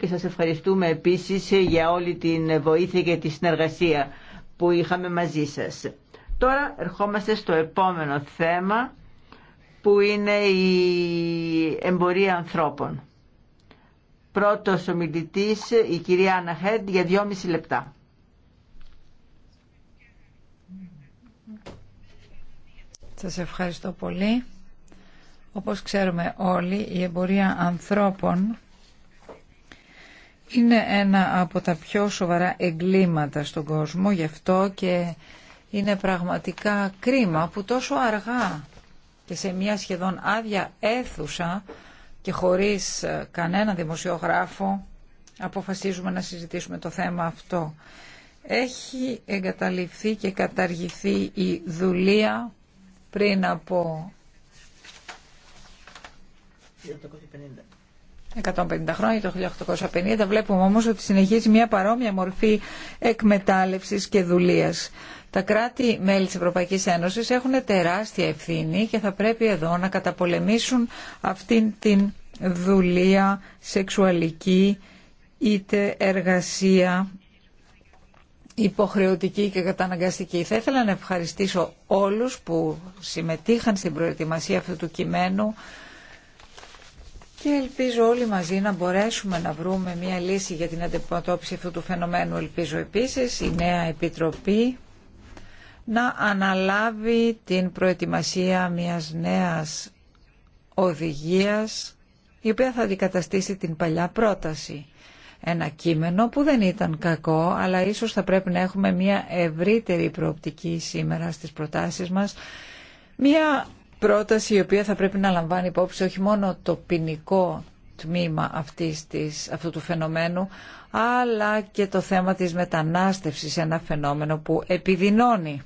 και σας ευχαριστούμε επίσης για όλη την βοήθεια και τη συνεργασία που είχαμε μαζί σας. Τώρα ερχόμαστε στο επόμενο θέμα που είναι η εμπορία ανθρώπων. Πρώτος ομιλητής η κυρία Αναχέντ για δυόμιση λεπτά. Σας ευχαριστώ πολύ. Όπως ξέρουμε όλοι, η εμπορία ανθρώπων είναι ένα από τα πιο σοβαρά εγκλήματα στον κόσμο, γι' αυτό και είναι πραγματικά κρίμα που τόσο αργά και σε μια σχεδόν άδεια αίθουσα και χωρίς ε, κανένα δημοσιογράφο αποφασίζουμε να συζητήσουμε το θέμα αυτό. Έχει εγκαταλειφθεί και καταργηθεί η δουλεία πριν από... 150 χρόνια, το 1850. Βλέπουμε όμως ότι συνεχίζει μια παρόμοια μορφή εκμετάλλευσης και δουλείας. Τα κράτη-μέλη της Ευρωπαϊκής Ένωσης έχουν τεράστια ευθύνη και θα πρέπει εδώ να καταπολεμήσουν αυτήν την δουλεία σεξουαλική είτε εργασία υποχρεωτική και καταναγκαστική. Θα ήθελα να ευχαριστήσω όλους που συμμετείχαν στην προετοιμασία αυτού του κειμένου και ελπίζω όλοι μαζί να μπορέσουμε να βρούμε μια λύση για την αντιμετώπιση αυτού του φαινομένου. Ελπίζω επίσης η νέα Επιτροπή να αναλάβει την προετοιμασία μιας νέας οδηγίας η οποία θα αντικαταστήσει την παλιά πρόταση. Ένα κείμενο που δεν ήταν κακό, αλλά ίσως θα πρέπει να έχουμε μια ευρύτερη προοπτική σήμερα στις προτάσεις μας, μια πρόταση η οποία θα πρέπει να λαμβάνει υπόψη όχι μόνο το ποινικό τμήμα αυτής αυτού του φαινομένου, αλλά και το θέμα της μετανάστευσης, ένα φαινόμενο που επιδεινώνει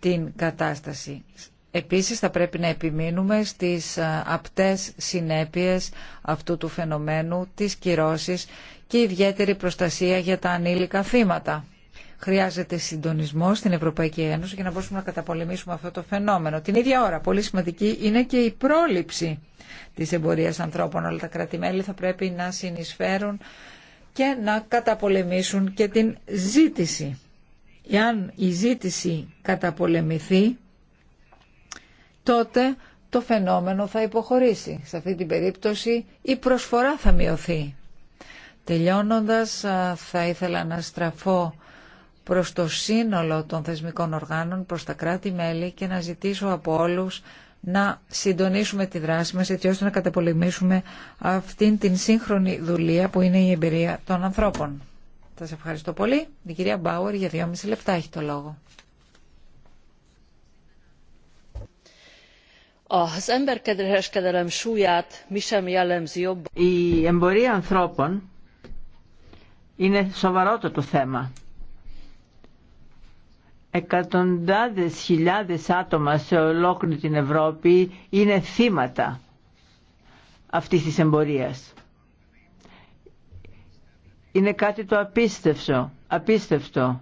την κατάσταση. Επίσης θα πρέπει να επιμείνουμε στις ε, απτές συνέπειες αυτού του φαινομένου, τις κυρώσεις και ιδιαίτερη προστασία για τα ανήλικα θύματα. Χρειάζεται συντονισμό στην Ευρωπαϊκή Ένωση για να μπορούμε να καταπολεμήσουμε αυτό το φαινόμενο. Την ίδια ώρα, πολύ σημαντική είναι και η πρόληψη τη εμπορία ανθρώπων. Όλα τα κράτη-μέλη θα πρέπει να συνεισφέρουν και να καταπολεμήσουν και την ζήτηση. Εάν η ζήτηση καταπολεμηθεί, τότε το φαινόμενο θα υποχωρήσει. Σε αυτή την περίπτωση η προσφορά θα μειωθεί. Τελειώνοντας, θα ήθελα να στραφώ προς το σύνολο των θεσμικών οργάνων, προς τα κράτη-μέλη και να ζητήσω από όλους να συντονίσουμε τη δράση μας έτσι ώστε να καταπολεμήσουμε αυτήν την σύγχρονη δουλεία που είναι η εμπειρία των ανθρώπων. Θα σας ευχαριστώ πολύ. Η κυρία Μπάουερ για μισή λεπτά έχει το λόγο. Η εμπορία ανθρώπων είναι σοβαρότατο θέμα εκατοντάδες χιλιάδες άτομα σε ολόκληρη την Ευρώπη είναι θύματα αυτής της εμπορίας. Είναι κάτι το απίστευτο, απίστευτο.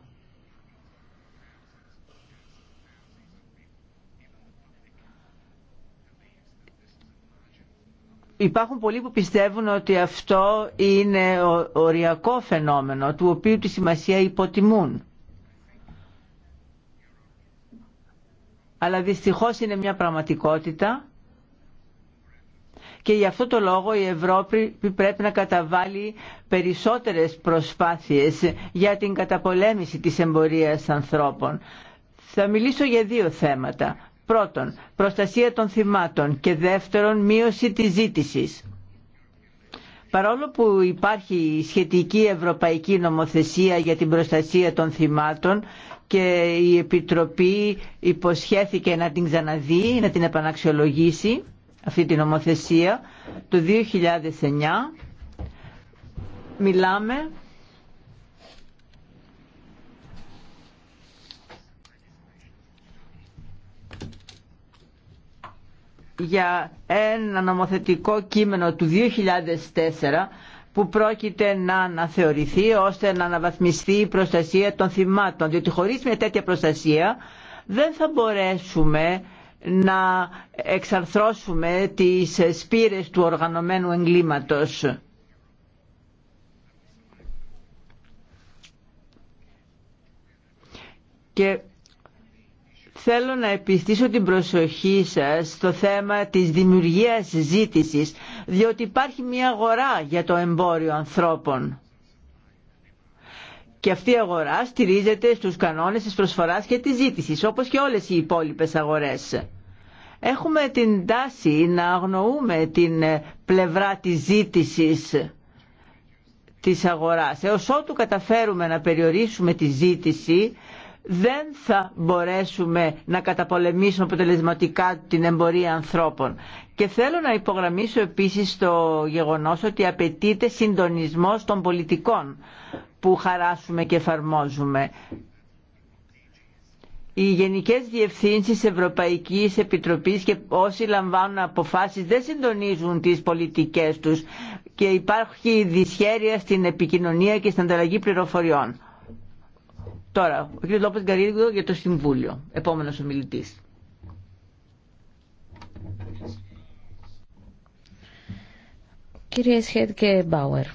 Υπάρχουν πολλοί που πιστεύουν ότι αυτό είναι οριακό φαινόμενο, του οποίου τη σημασία υποτιμούν. αλλά δυστυχώς είναι μια πραγματικότητα και γι' αυτό το λόγο η Ευρώπη πρέπει να καταβάλει περισσότερες προσπάθειες για την καταπολέμηση της εμπορίας ανθρώπων. Θα μιλήσω για δύο θέματα. Πρώτον, προστασία των θυμάτων και δεύτερον, μείωση της ζήτησης. Παρόλο που υπάρχει σχετική ευρωπαϊκή νομοθεσία για την προστασία των θυμάτων και η Επιτροπή υποσχέθηκε να την ξαναδεί, να την επαναξιολογήσει αυτή τη νομοθεσία το 2009 μιλάμε για ένα νομοθετικό κείμενο του 2004 που πρόκειται να αναθεωρηθεί ώστε να αναβαθμιστεί η προστασία των θυμάτων. Διότι χωρίς μια τέτοια προστασία δεν θα μπορέσουμε να εξαρθρώσουμε τις σπήρες του οργανωμένου εγκλήματος. Και Θέλω να επιστήσω την προσοχή σας στο θέμα της δημιουργίας ζήτησης, διότι υπάρχει μια αγορά για το εμπόριο ανθρώπων. Και αυτή η αγορά στηρίζεται στους κανόνες της προσφοράς και της ζήτησης, όπως και όλες οι υπόλοιπες αγορές. Έχουμε την τάση να αγνοούμε την πλευρά της ζήτησης της αγοράς. Έως ότου καταφέρουμε να περιορίσουμε τη ζήτηση, δεν θα μπορέσουμε να καταπολεμήσουμε αποτελεσματικά την εμπορία ανθρώπων. Και θέλω να υπογραμμίσω επίσης το γεγονός ότι απαιτείται συντονισμός των πολιτικών που χαράσουμε και εφαρμόζουμε. Οι γενικές διευθύνσεις Ευρωπαϊκής Επιτροπής και όσοι λαμβάνουν αποφάσεις δεν συντονίζουν τις πολιτικές τους και υπάρχει δυσχέρεια στην επικοινωνία και στην ανταλλαγή πληροφοριών. Τώρα, ο κ. Λόπες Γκαρίδη για το Συμβούλιο. Επόμενος ομιλητή. Κυρίες Χέντ και Μπάουερ.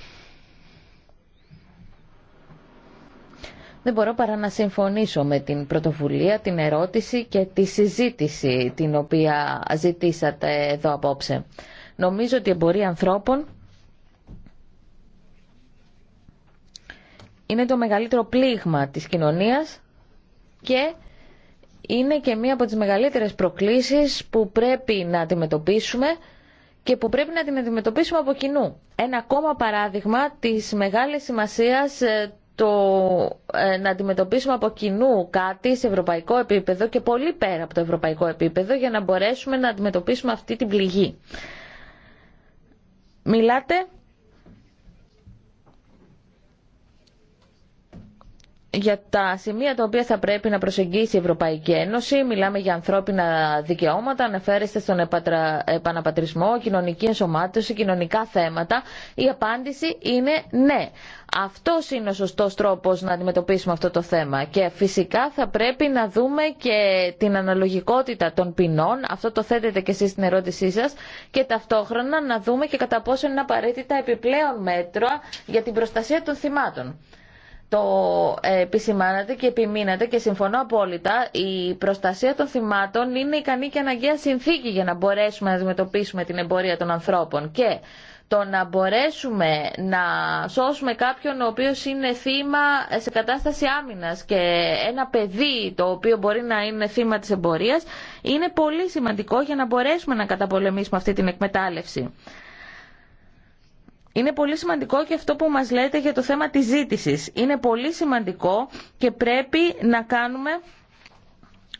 Δεν μπορώ παρά να συμφωνήσω με την πρωτοβουλία, την ερώτηση και τη συζήτηση την οποία ζητήσατε εδώ απόψε. Νομίζω ότι η εμπορία ανθρώπων είναι το μεγαλύτερο πλήγμα της κοινωνίας και είναι και μία από τις μεγαλύτερες προκλήσεις που πρέπει να αντιμετωπίσουμε και που πρέπει να την αντιμετωπίσουμε από κοινού. Ένα ακόμα παράδειγμα της μεγάλης σημασίας ε, το ε, να αντιμετωπίσουμε από κοινού κάτι σε ευρωπαϊκό επίπεδο και πολύ πέρα από το ευρωπαϊκό επίπεδο για να μπορέσουμε να αντιμετωπίσουμε αυτή την πληγή. Μιλάτε για τα σημεία τα οποία θα πρέπει να προσεγγίσει η Ευρωπαϊκή Ένωση. Μιλάμε για ανθρώπινα δικαιώματα, αναφέρεστε στον επαναπατρισμό, κοινωνική ενσωμάτωση, κοινωνικά θέματα. Η απάντηση είναι ναι. Αυτό είναι ο σωστό τρόπο να αντιμετωπίσουμε αυτό το θέμα. Και φυσικά θα πρέπει να δούμε και την αναλογικότητα των ποινών. Αυτό το θέτετε και εσεί στην ερώτησή σα. Και ταυτόχρονα να δούμε και κατά πόσο είναι απαραίτητα επιπλέον μέτρα για την προστασία των θυμάτων το ε, επισημάνατε και επιμείνατε και συμφωνώ απόλυτα, η προστασία των θυμάτων είναι ικανή και αναγκαία συνθήκη για να μπορέσουμε να αντιμετωπίσουμε την εμπορία των ανθρώπων. Και το να μπορέσουμε να σώσουμε κάποιον ο οποίος είναι θύμα σε κατάσταση άμυνας και ένα παιδί το οποίο μπορεί να είναι θύμα της εμπορίας είναι πολύ σημαντικό για να μπορέσουμε να καταπολεμήσουμε αυτή την εκμετάλλευση. Είναι πολύ σημαντικό και αυτό που μας λέτε για το θέμα της ζήτησης. Είναι πολύ σημαντικό και πρέπει να κάνουμε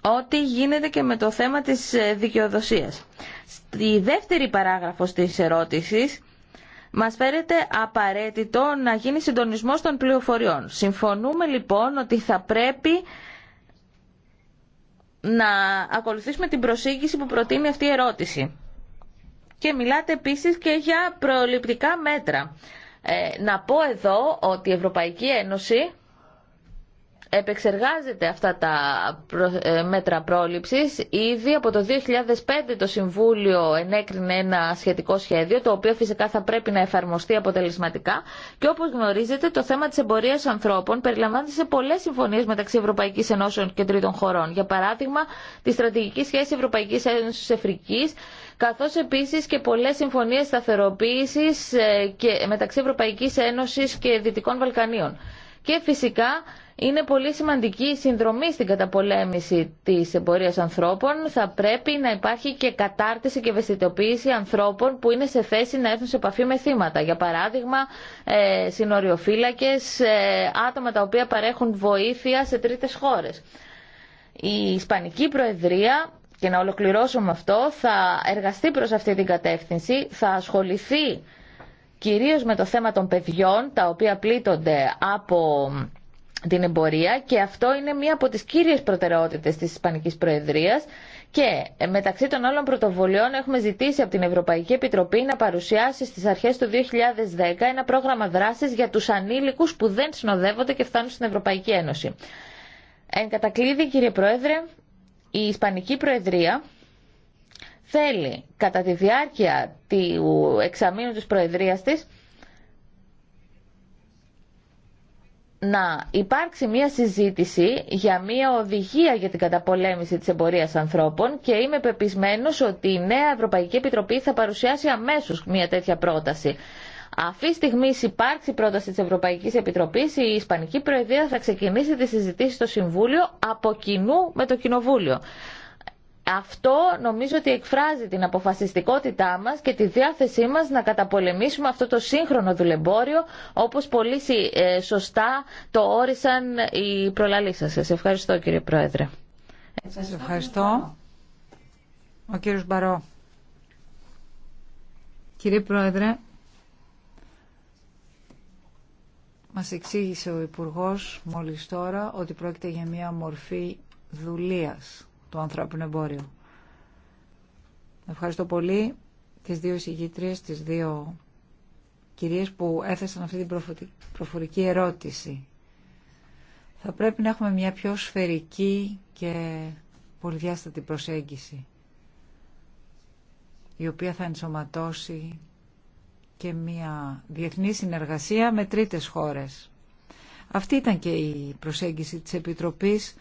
ό,τι γίνεται και με το θέμα της ε, δικαιοδοσίας. Στη δεύτερη παράγραφος της ερώτησης μας φέρεται απαραίτητο να γίνει συντονισμός των πληροφοριών. Συμφωνούμε λοιπόν ότι θα πρέπει να ακολουθήσουμε την προσήγηση που προτείνει αυτή η ερώτηση και μιλάτε επίσης και για προληπτικά μέτρα. Ε, να πω εδώ ότι η Ευρωπαϊκή Ένωση επεξεργάζεται αυτά τα ε, μέτρα πρόληψης. Ήδη από το 2005 το Συμβούλιο ενέκρινε ένα σχετικό σχέδιο, το οποίο φυσικά θα πρέπει να εφαρμοστεί αποτελεσματικά. Και όπως γνωρίζετε, το θέμα της εμπορίας ανθρώπων περιλαμβάνεται σε πολλές συμφωνίες μεταξύ Ευρωπαϊκής Ενώσεων και τρίτων χωρών. Για παράδειγμα, τη στρατηγική σχέση Ευρωπαϊκής Ένωσης Ένωσης-Εφρικής καθώς επίσης και πολλές συμφωνίες σταθεροποίησης ε, μεταξύ Ευρωπαϊκής Ένωσης και Δυτικών Βαλκανίων. Και φυσικά είναι πολύ σημαντική η συνδρομή στην καταπολέμηση της εμπορίας ανθρώπων. Θα πρέπει να υπάρχει και κατάρτιση και ευαισθητοποίηση ανθρώπων που είναι σε θέση να έρθουν σε επαφή με θύματα. Για παράδειγμα, ε, συνοριοφύλακες, ε, άτομα τα οποία παρέχουν βοήθεια σε τρίτες χώρες. Η Ισπανική Προεδρία και να ολοκληρώσω με αυτό, θα εργαστεί προς αυτή την κατεύθυνση, θα ασχοληθεί κυρίως με το θέμα των παιδιών, τα οποία πλήττονται από την εμπορία και αυτό είναι μία από τις κύριες προτεραιότητες της Ισπανικής Προεδρίας και ε, μεταξύ των όλων πρωτοβολιών έχουμε ζητήσει από την Ευρωπαϊκή Επιτροπή να παρουσιάσει στις αρχές του 2010 ένα πρόγραμμα δράσης για τους ανήλικους που δεν συνοδεύονται και φτάνουν στην Ευρωπαϊκή Ένωση. Εν κατακλείδη κύριε Πρόεδρε, η Ισπανική Προεδρία θέλει κατά τη διάρκεια του εξαμήνου της Προεδρίας της να υπάρξει μια συζήτηση για μια οδηγία για την καταπολέμηση της εμπορίας ανθρώπων και είμαι πεπισμένος ότι η νέα Ευρωπαϊκή Επιτροπή θα παρουσιάσει αμέσως μια τέτοια πρόταση. Αυτή τη στιγμή υπάρξει πρόταση της Ευρωπαϊκής Επιτροπής η Ισπανική Προεδρία θα ξεκινήσει τη συζητήση στο Συμβούλιο από κοινού με το Κοινοβούλιο. Αυτό νομίζω ότι εκφράζει την αποφασιστικότητά μας και τη διάθεσή μας να καταπολεμήσουμε αυτό το σύγχρονο δουλεμπόριο όπως πολύ ε, σωστά το όρισαν οι προλαλήσεις σας. Ευχαριστώ κύριε Πρόεδρε. Σας ευχαριστώ. Ο κύριος Μπαρό. Κύριε Πρόεδρε, μας εξήγησε ο Υπουργός μόλις τώρα ότι πρόκειται για μια μορφή δουλείας του ανθρώπινου εμπόριο. Ευχαριστώ πολύ τις δύο εισηγήτριες, τις δύο κυρίες που έθεσαν αυτή την προφορική ερώτηση. Θα πρέπει να έχουμε μια πιο σφαιρική και πολυδιάστατη προσέγγιση, η οποία θα ενσωματώσει και μια διεθνή συνεργασία με τρίτες χώρες. Αυτή ήταν και η προσέγγιση της Επιτροπής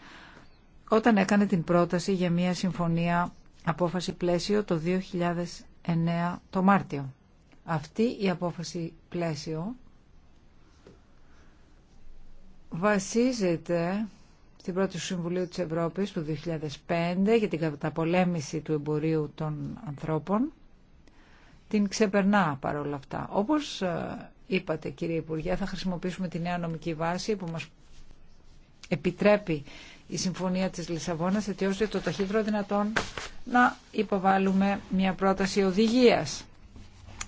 όταν έκανε την πρόταση για μια συμφωνία απόφαση πλαίσιο το 2009 το Μάρτιο. Αυτή η απόφαση πλαίσιο βασίζεται στην πρώτη του Συμβουλίου της Ευρώπης του 2005 για την καταπολέμηση του εμπορίου των ανθρώπων την ξεπερνά παρόλα αυτά. Όπως ε, είπατε κύριε Υπουργέ θα χρησιμοποιήσουμε τη νέα νομική βάση που μας επιτρέπει η Συμφωνία της Λισαβόνας έτσι το ταχύτερο δυνατόν να υποβάλουμε μια πρόταση οδηγίας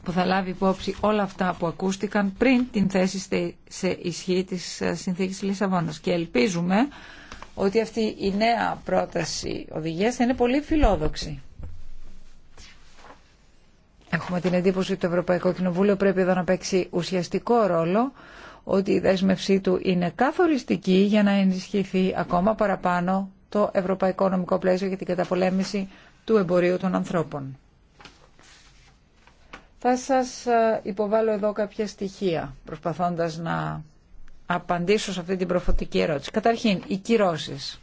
που θα λάβει υπόψη όλα αυτά που ακούστηκαν πριν την θέση σε ισχύ της ε, Συνθήκης Λισαβόνας. Και ελπίζουμε ότι αυτή η νέα πρόταση οδηγίας θα είναι πολύ φιλόδοξη. Έχουμε την εντύπωση ότι το Ευρωπαϊκό Κοινοβούλιο πρέπει εδώ να παίξει ουσιαστικό ρόλο ότι η δέσμευσή του είναι καθοριστική για να ενισχυθεί ακόμα παραπάνω το ευρωπαϊκό νομικό πλαίσιο για την καταπολέμηση του εμπορίου των ανθρώπων. Θα σας ε, υποβάλω εδώ κάποια στοιχεία, προσπαθώντας να απαντήσω σε αυτή την προφωτική ερώτηση. Καταρχήν, οι κυρώσεις.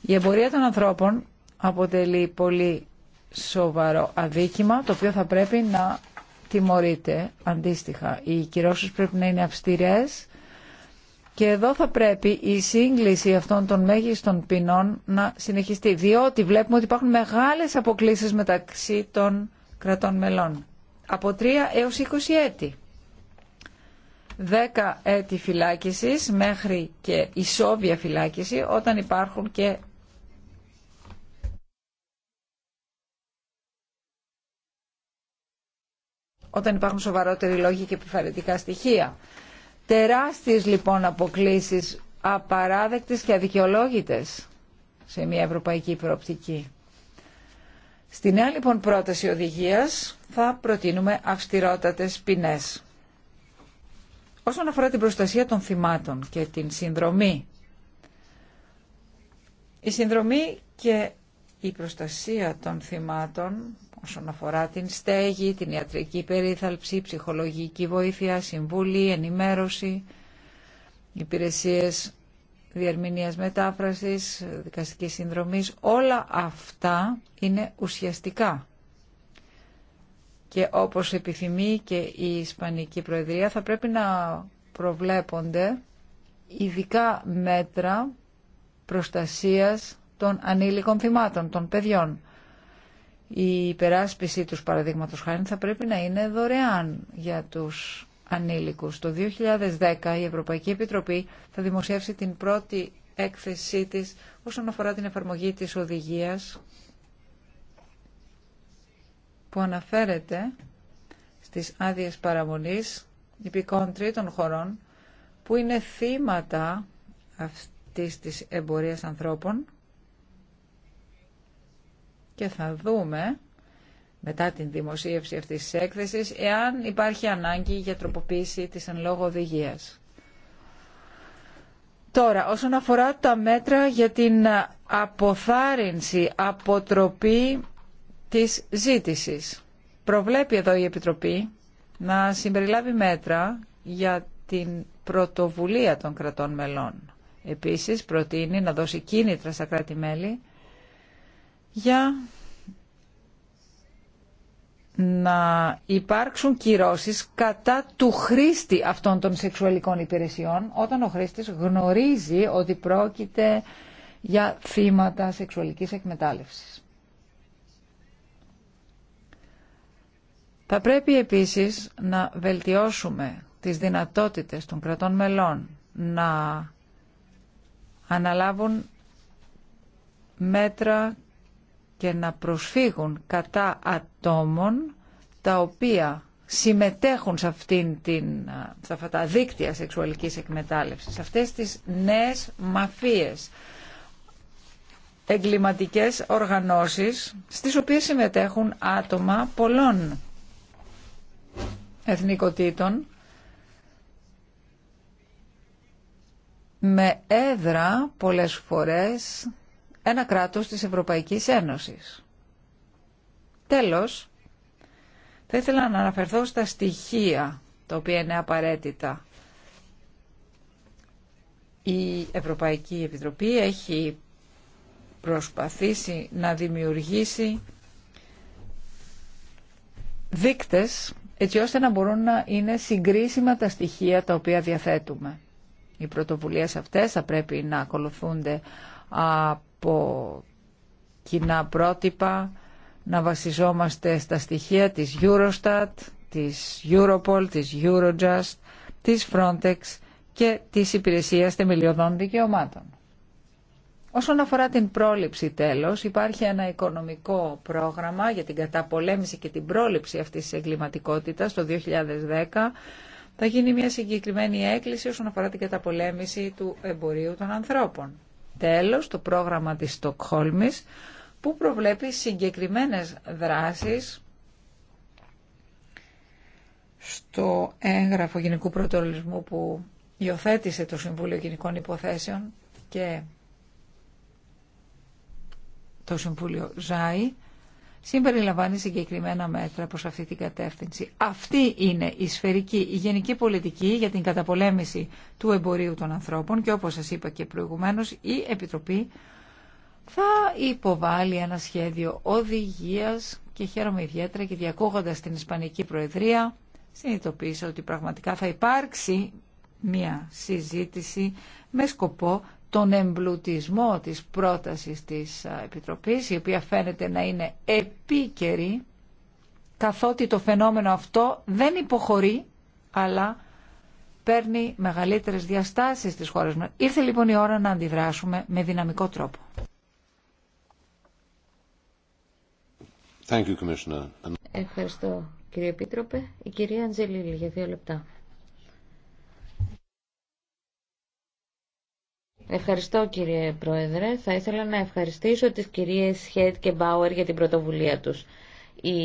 Η εμπορία των ανθρώπων αποτελεί πολύ σοβαρό αδίκημα, το οποίο θα πρέπει να τιμωρείται αντίστοιχα. Οι κυρώσει πρέπει να είναι αυστηρές και εδώ θα πρέπει η σύγκληση αυτών των μέγιστων ποινών να συνεχιστεί, διότι βλέπουμε ότι υπάρχουν μεγάλες αποκλήσει μεταξύ των κρατών μελών. Από 3 έως 20 έτη. 10 έτη φυλάκισης μέχρι και ισόβια φυλάκιση όταν υπάρχουν και όταν υπάρχουν σοβαρότεροι λόγοι και επιφαρετικά στοιχεία. Τεράστιες λοιπόν αποκλήσεις απαράδεκτες και αδικαιολόγητες σε μια ευρωπαϊκή προοπτική. Στην νέα λοιπόν πρόταση οδηγίας θα προτείνουμε αυστηρότατες ποινές. Όσον αφορά την προστασία των θυμάτων και την συνδρομή, η συνδρομή και η προστασία των θυμάτων όσον αφορά την στέγη, την ιατρική περίθαλψη, ψυχολογική βοήθεια, συμβούλη, ενημέρωση, υπηρεσίες διερμηνίας μετάφρασης, δικαστικής συνδρομής, όλα αυτά είναι ουσιαστικά. Και όπως επιθυμεί και η Ισπανική Προεδρία θα πρέπει να προβλέπονται ειδικά μέτρα προστασίας των ανήλικων θυμάτων, των παιδιών. Η υπεράσπιση τους παραδείγματος χάρη θα πρέπει να είναι δωρεάν για τους ανήλικους. Το 2010 η Ευρωπαϊκή Επιτροπή θα δημοσιεύσει την πρώτη έκθεσή της όσον αφορά την εφαρμογή της οδηγίας που αναφέρεται στις άδειες παραμονής υπηκών των χωρών που είναι θύματα αυτής της εμπορίας ανθρώπων και θα δούμε μετά την δημοσίευση αυτής της έκθεσης εάν υπάρχει ανάγκη για τροποποίηση της εν λόγω οδηγίας. Τώρα, όσον αφορά τα μέτρα για την αποθάρρυνση, αποτροπή της ζήτησης. Προβλέπει εδώ η Επιτροπή να συμπεριλάβει μέτρα για την πρωτοβουλία των κρατών μελών. Επίσης, προτείνει να δώσει κίνητρα στα κράτη-μέλη για να υπάρξουν κυρώσεις κατά του χρήστη αυτών των σεξουαλικών υπηρεσιών όταν ο χρήστης γνωρίζει ότι πρόκειται για θύματα σεξουαλικής εκμετάλλευσης. Θα πρέπει επίσης να βελτιώσουμε τις δυνατότητες των κρατών μελών να αναλάβουν μέτρα και να προσφύγουν κατά ατόμων τα οποία συμμετέχουν σε, αυτήν την, σε αυτά τα δίκτυα σεξουαλικής εκμετάλλευσης, σε αυτές τις νέες μαφίες, εγκληματικές οργανώσεις, στις οποίες συμμετέχουν άτομα πολλών εθνικοτήτων, με έδρα πολλές φορές ένα κράτος της Ευρωπαϊκής Ένωσης. Τέλος, θα ήθελα να αναφερθώ στα στοιχεία τα οποία είναι απαραίτητα. Η Ευρωπαϊκή Επιτροπή έχει προσπαθήσει να δημιουργήσει δίκτες έτσι ώστε να μπορούν να είναι συγκρίσιμα τα στοιχεία τα οποία διαθέτουμε. Οι πρωτοβουλίες αυτές θα πρέπει να ακολουθούνται από κοινά πρότυπα, να βασιζόμαστε στα στοιχεία της Eurostat, της Europol, της Eurojust, της Frontex και της Υπηρεσίας Θεμελιωδών Δικαιωμάτων. Όσον αφορά την πρόληψη τέλος, υπάρχει ένα οικονομικό πρόγραμμα για την καταπολέμηση και την πρόληψη αυτής της εγκληματικότητας το 2010. Θα γίνει μια συγκεκριμένη έκκληση όσον αφορά την καταπολέμηση του εμπορίου των ανθρώπων τέλος το πρόγραμμα της Στοκχόλμης που προβλέπει συγκεκριμένες δράσεις στο έγγραφο Γενικού Πρωτολισμού που υιοθέτησε το Συμβούλιο Γενικών Υποθέσεων και το Συμβούλιο ΖΑΗ συμπεριλαμβάνει συγκεκριμένα μέτρα προς αυτή την κατεύθυνση. Αυτή είναι η σφαιρική, η γενική πολιτική για την καταπολέμηση του εμπορίου των ανθρώπων και όπως σας είπα και προηγουμένως η Επιτροπή θα υποβάλει ένα σχέδιο οδηγίας και χαίρομαι ιδιαίτερα και διακόγοντας την Ισπανική Προεδρία συνειδητοποίησα ότι πραγματικά θα υπάρξει μία συζήτηση με σκοπό τον εμπλουτισμό της πρότασης της Επιτροπής, η οποία φαίνεται να είναι επίκαιρη, καθότι το φαινόμενο αυτό δεν υποχωρεί, αλλά παίρνει μεγαλύτερες διαστάσεις στις χώρες μας. Ήρθε λοιπόν η ώρα να αντιδράσουμε με δυναμικό τρόπο. Ευχαριστώ κύριε Επίτροπε. Η κυρία Αντζελίλη για δύο λεπτά. Ευχαριστώ κύριε Πρόεδρε. Θα ήθελα να ευχαριστήσω τις κυρίες Χέτ και Μπάουερ για την πρωτοβουλία τους. Η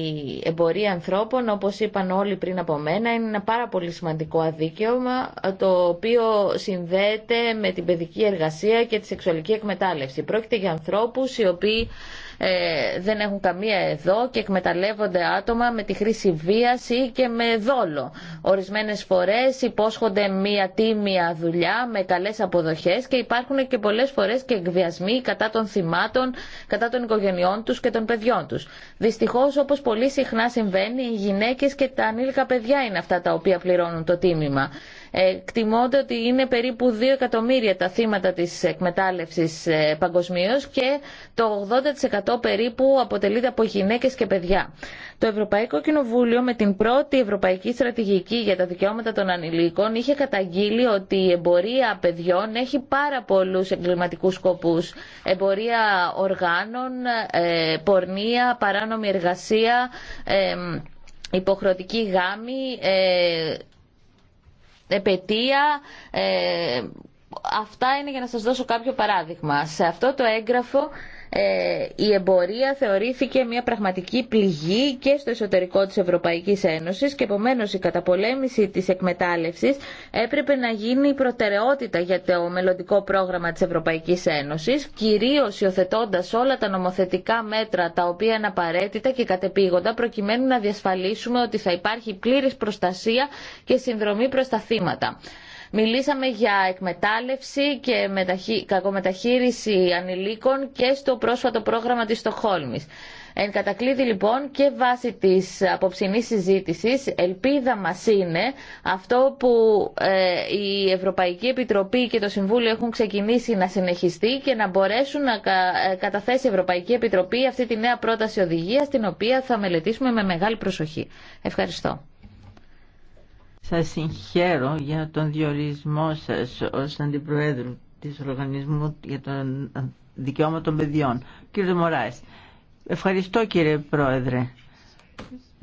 εμπορία ανθρώπων, όπως είπαν όλοι πριν από μένα, είναι ένα πάρα πολύ σημαντικό αδίκαιωμα, το οποίο συνδέεται με την παιδική εργασία και τη σεξουαλική εκμετάλλευση. Πρόκειται για ανθρώπους οι οποίοι ε, δεν έχουν καμία εδώ και εκμεταλλεύονται άτομα με τη χρήση βίας ή και με δόλο. Ορισμένες φορές υπόσχονται μία τίμια δουλειά με καλές αποδοχές και υπάρχουν και πολλές φορές και εκβιασμοί κατά των θυμάτων, κατά των οικογενειών τους και των παιδιών τους. Δυστυχώς όπως πολύ συχνά συμβαίνει οι γυναίκες και τα ανήλικα παιδιά είναι αυτά τα οποία πληρώνουν το τίμημα. Εκτιμώνται ότι είναι περίπου 2 εκατομμύρια τα θύματα της εκμετάλλευσης ε, παγκοσμίω και το 80% περίπου αποτελείται από γυναίκες και παιδιά. Το Ευρωπαϊκό Κοινοβούλιο με την πρώτη Ευρωπαϊκή Στρατηγική για τα Δικαιώματα των Ανηλίκων είχε καταγγείλει ότι η εμπορία παιδιών έχει πάρα πολλούς εγκληματικούς σκοπούς. Εμπορία οργάνων, ε, πορνεία, παράνομη εργασία, ε, υποχρεωτική γάμη, επαιτία. Ε, αυτά είναι για να σας δώσω κάποιο παράδειγμα. Σε αυτό το έγγραφο ε, η εμπορία θεωρήθηκε μια πραγματική πληγή και στο εσωτερικό της Ευρωπαϊκής Ένωσης και επομένως η καταπολέμηση της εκμετάλλευσης έπρεπε να γίνει προτεραιότητα για το μελλοντικό πρόγραμμα της Ευρωπαϊκής Ένωσης κυρίως υιοθετώντα όλα τα νομοθετικά μέτρα τα οποία είναι απαραίτητα και κατεπήγοντα προκειμένου να διασφαλίσουμε ότι θα υπάρχει πλήρης προστασία και συνδρομή προς τα θύματα. Μιλήσαμε για εκμετάλλευση και κακομεταχείριση ανηλίκων και στο πρόσφατο πρόγραμμα της Στοχόλμης. Εν κατακλείδη λοιπόν και βάσει της απόψινής συζήτησης ελπίδα μας είναι αυτό που ε, η Ευρωπαϊκή Επιτροπή και το Συμβούλιο έχουν ξεκινήσει να συνεχιστεί και να μπορέσουν να ε, καταθέσει η Ευρωπαϊκή Επιτροπή αυτή τη νέα πρόταση οδηγίας την οποία θα μελετήσουμε με μεγάλη προσοχή. Ευχαριστώ. Σας συγχαίρω για τον διορισμό σας ως Αντιπροέδρου της Οργανισμού για τον Δικαιώμα των Παιδιών. Κύριε Μωράης, ευχαριστώ κύριε Πρόεδρε.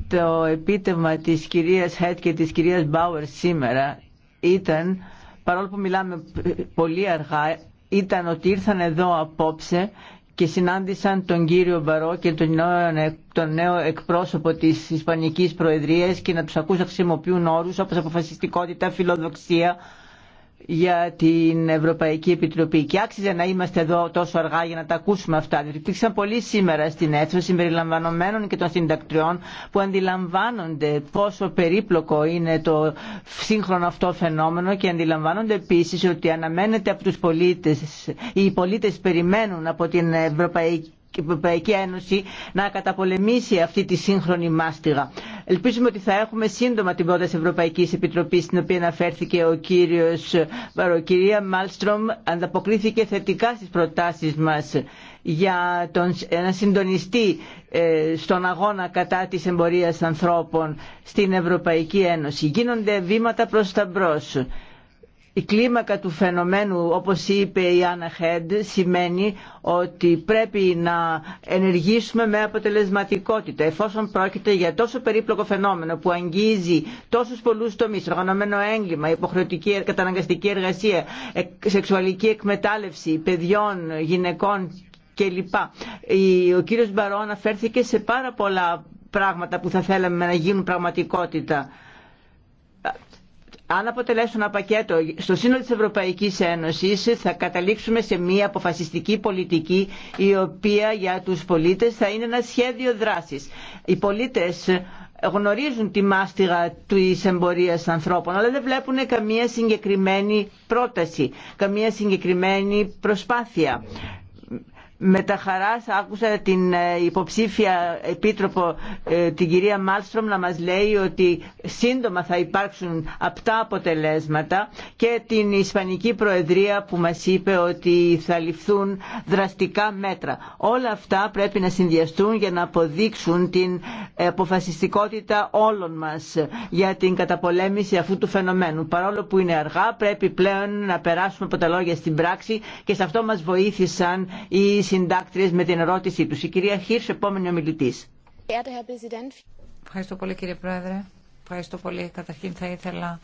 Το επίτευγμα της κυρίας Χέτ και της κυρίας Μπάουερ σήμερα ήταν, παρόλο που μιλάμε πολύ αργά, ήταν ότι ήρθαν εδώ απόψε και συνάντησαν τον κύριο Μπαρό και τον νέο, τον νέο εκπρόσωπο της Ισπανικής Προεδρίας και να τους ακούσουν να χρησιμοποιούν όρους όπως αποφασιστικότητα, φιλοδοξία, για την Ευρωπαϊκή Επιτροπή και άξιζε να είμαστε εδώ τόσο αργά για να τα ακούσουμε αυτά. Διότι υπήρξαν πολλοί σήμερα στην αίθουσα συμπεριλαμβανομένων και των συντακτριών που αντιλαμβάνονται πόσο περίπλοκο είναι το σύγχρονο αυτό φαινόμενο και αντιλαμβάνονται επίση ότι αναμένεται από του πολίτε, οι πολίτε περιμένουν από την Ευρωπαϊκή Ευρωπαϊκή Ένωση να καταπολεμήσει αυτή τη σύγχρονη μάστιγα. Ελπίζουμε ότι θα έχουμε σύντομα την πρόταση Ευρωπαϊκή Επιτροπή, στην οποία αναφέρθηκε ο κύριο Βαροκυρία Μάλστρομ, ανταποκρίθηκε θετικά στι προτάσει μα για τον, συντονιστεί στον αγώνα κατά της εμπορίας ανθρώπων στην Ευρωπαϊκή Ένωση. Γίνονται βήματα προς τα μπρος η κλίμακα του φαινομένου, όπως είπε η Άννα Χέντ, σημαίνει ότι πρέπει να ενεργήσουμε με αποτελεσματικότητα. Εφόσον πρόκειται για τόσο περίπλοκο φαινόμενο που αγγίζει τόσους πολλούς τομείς, οργανωμένο έγκλημα, υποχρεωτική καταναγκαστική εργασία, σεξουαλική εκμετάλλευση παιδιών, γυναικών κλπ. Ο κύριος Μπαρό αναφέρθηκε σε πάρα πολλά πράγματα που θα θέλαμε να γίνουν πραγματικότητα αν αποτελέσουν ένα πακέτο στο σύνολο της Ευρωπαϊκής Ένωσης θα καταλήξουμε σε μια αποφασιστική πολιτική η οποία για τους πολίτες θα είναι ένα σχέδιο δράσης. Οι πολίτες γνωρίζουν τη μάστιγα της εμπορίας ανθρώπων αλλά δεν βλέπουν καμία συγκεκριμένη πρόταση, καμία συγκεκριμένη προσπάθεια. Με τα χαράς άκουσα την ε, υποψήφια επίτροπο ε, την κυρία Μάλστρομ να μας λέει ότι σύντομα θα υπάρξουν αυτά αποτελέσματα και την Ισπανική Προεδρία που μας είπε ότι θα ληφθούν δραστικά μέτρα. Όλα αυτά πρέπει να συνδυαστούν για να αποδείξουν την ε, αποφασιστικότητα όλων μας για την καταπολέμηση αυτού του φαινομένου. Παρόλο που είναι αργά πρέπει πλέον να περάσουμε από τα λόγια στην πράξη και σε αυτό μας βοήθησαν οι συντάκτριε με την ερώτησή του, Η κυρία Χίρ, επόμενη ομιλητής. Ευχαριστώ πολύ κύριε Πρόεδρε. Ευχαριστώ πολύ. Καταρχήν θα ήθελα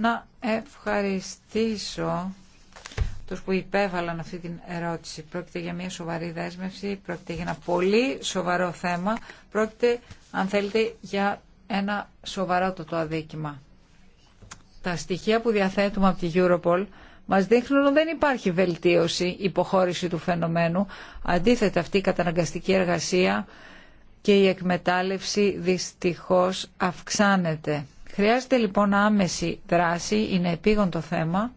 να ευχαριστήσω τους που υπέβαλαν αυτή την ερώτηση. Πρόκειται για μια σοβαρή δέσμευση, πρόκειται για ένα πολύ σοβαρό θέμα, πρόκειται, αν θέλετε, για ένα το αδίκημα. Τα στοιχεία που διαθέτουμε από τη Europol μας δείχνουν ότι δεν υπάρχει βελτίωση, υποχώρηση του φαινομένου. Αντίθετα αυτή η καταναγκαστική εργασία και η εκμετάλλευση δυστυχώς αυξάνεται. Χρειάζεται λοιπόν άμεση δράση, είναι επίγον το θέμα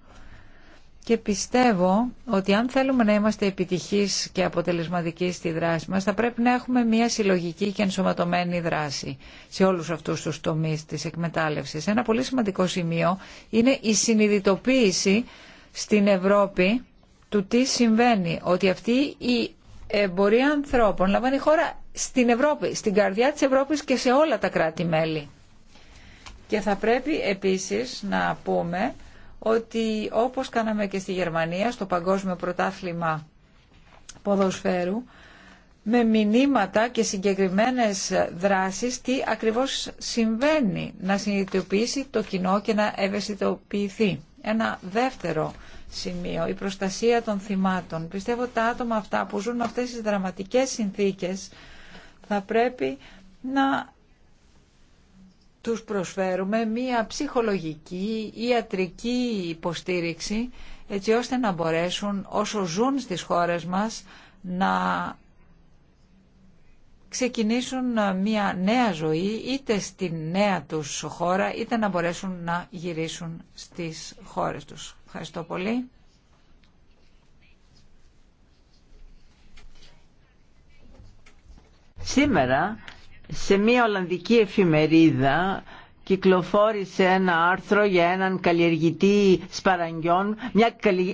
και πιστεύω ότι αν θέλουμε να είμαστε επιτυχείς και αποτελεσματικοί στη δράση μας θα πρέπει να έχουμε μια συλλογική και ενσωματωμένη δράση σε όλους αυτούς τους τομείς της εκμετάλλευσης. Ένα πολύ σημαντικό σημείο είναι η συνειδητοποίηση στην Ευρώπη του τι συμβαίνει, ότι αυτή η εμπορία ανθρώπων λαμβάνει χώρα στην Ευρώπη, στην καρδιά της Ευρώπης και σε όλα τα κράτη-μέλη. Και θα πρέπει επίσης να πούμε ότι όπως κάναμε και στη Γερμανία, στο Παγκόσμιο Πρωτάθλημα Ποδοσφαίρου, με μηνύματα και συγκεκριμένες δράσεις τι ακριβώς συμβαίνει, να συνειδητοποιήσει το κοινό και να ευαισθητοποιηθεί. Ένα δεύτερο σημείο, η προστασία των θυμάτων. Πιστεύω τα άτομα αυτά που ζουν αυτές τις δραματικές συνθήκες θα πρέπει να τους προσφέρουμε μία ψυχολογική, ή ιατρική υποστήριξη έτσι ώστε να μπορέσουν όσο ζουν στις χώρες μας να ξεκινήσουν ε, μια νέα ζωή είτε στη νέα τους χώρα είτε να μπορέσουν να γυρίσουν στις χώρες τους. Ευχαριστώ πολύ. Σήμερα σε μια Ολλανδική εφημερίδα κυκλοφόρησε ένα άρθρο για έναν καλλιεργητή σπαραγγιών, μια ε,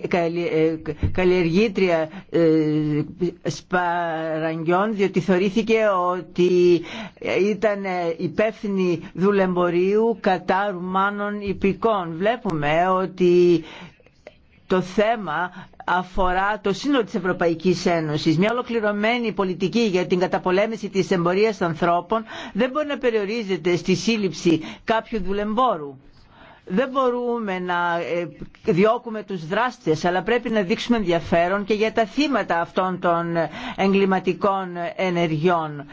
καλλιεργήτρια ε, σπαραγγιών, διότι θεωρήθηκε ότι ήταν υπεύθυνη δουλεμπορίου κατά Ρουμάνων υπηκών. Βλέπουμε ότι το θέμα αφορά το σύνολο της Ευρωπαϊκής Ένωσης. Μια ολοκληρωμένη πολιτική για την καταπολέμηση της εμπορίας ανθρώπων δεν μπορεί να περιορίζεται στη σύλληψη κάποιου δουλεμπόρου δεν μπορούμε να ε, διώκουμε τους δράστες αλλά πρέπει να δείξουμε ενδιαφέρον και για τα θύματα αυτών των εγκληματικών ενεργειών.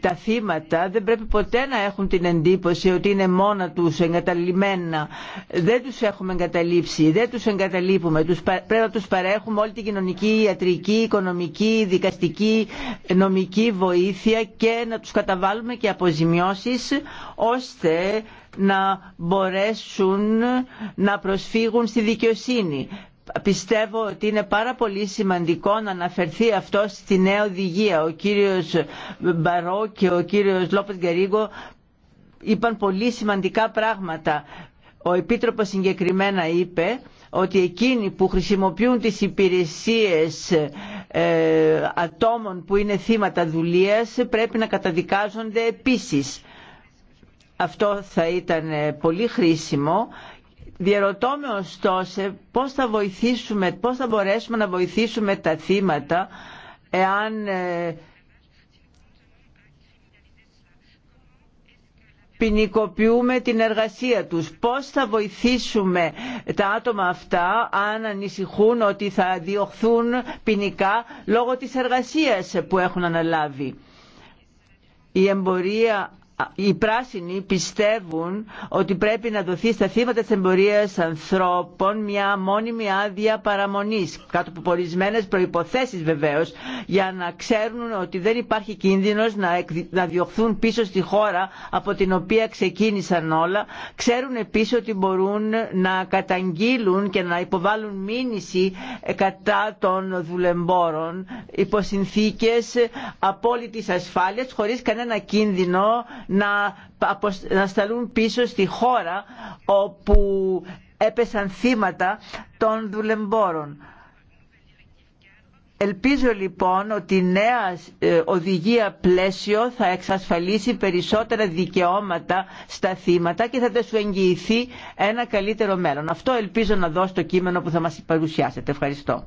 Τα θύματα δεν πρέπει ποτέ να έχουν την εντύπωση ότι είναι μόνα τους εγκαταλειμμένα. Δεν τους έχουμε εγκαταλείψει, δεν τους εγκαταλείπουμε. Τους, πρέπει να τους παρέχουμε όλη την κοινωνική, ιατρική, οικονομική, δικαστική, νομική βοήθεια και να τους καταβάλουμε και αποζημιώσεις ώστε να μπορέσουν να προσφύγουν στη δικαιοσύνη. Πιστεύω ότι είναι πάρα πολύ σημαντικό να αναφερθεί αυτό στη νέα οδηγία. Ο κύριος Μπαρό και ο κύριος Λόπες Γκαρίγκο είπαν πολύ σημαντικά πράγματα. Ο Επίτροπος συγκεκριμένα είπε ότι εκείνοι που χρησιμοποιούν τις υπηρεσίες ε, ατόμων που είναι θύματα δουλείας πρέπει να καταδικάζονται επίσης. Αυτό θα ήταν ε, πολύ χρήσιμο. Διερωτώμε ωστόσο πώς θα, βοηθήσουμε, πώς θα μπορέσουμε να βοηθήσουμε τα θύματα εάν ε, ποινικοποιούμε την εργασία τους. Πώς θα βοηθήσουμε τα άτομα αυτά αν ανησυχούν ότι θα διωχθούν ποινικά λόγω της εργασίας που έχουν αναλάβει. Η εμπορία οι πράσινοι πιστεύουν ότι πρέπει να δοθεί στα θύματα της εμπορίας ανθρώπων μια μόνιμη άδεια παραμονής, κάτω από ορισμένε προϋποθέσεις βεβαίως, για να ξέρουν ότι δεν υπάρχει κίνδυνος να διωχθούν πίσω στη χώρα από την οποία ξεκίνησαν όλα. Ξέρουν επίσης ότι μπορούν να καταγγείλουν και να υποβάλουν μήνυση ε, κατά των δουλεμπόρων υπό συνθήκες απόλυτης ασφάλειας, χωρίς κανένα κίνδυνο να σταλούν πίσω στη χώρα όπου έπεσαν θύματα των δουλεμπόρων. Ελπίζω λοιπόν ότι η νέα ε, οδηγία πλαίσιο θα εξασφαλίσει περισσότερα δικαιώματα στα θύματα και θα σου εγγυηθεί ένα καλύτερο μέλλον. Αυτό ελπίζω να δω στο κείμενο που θα μας παρουσιάσετε. Ευχαριστώ.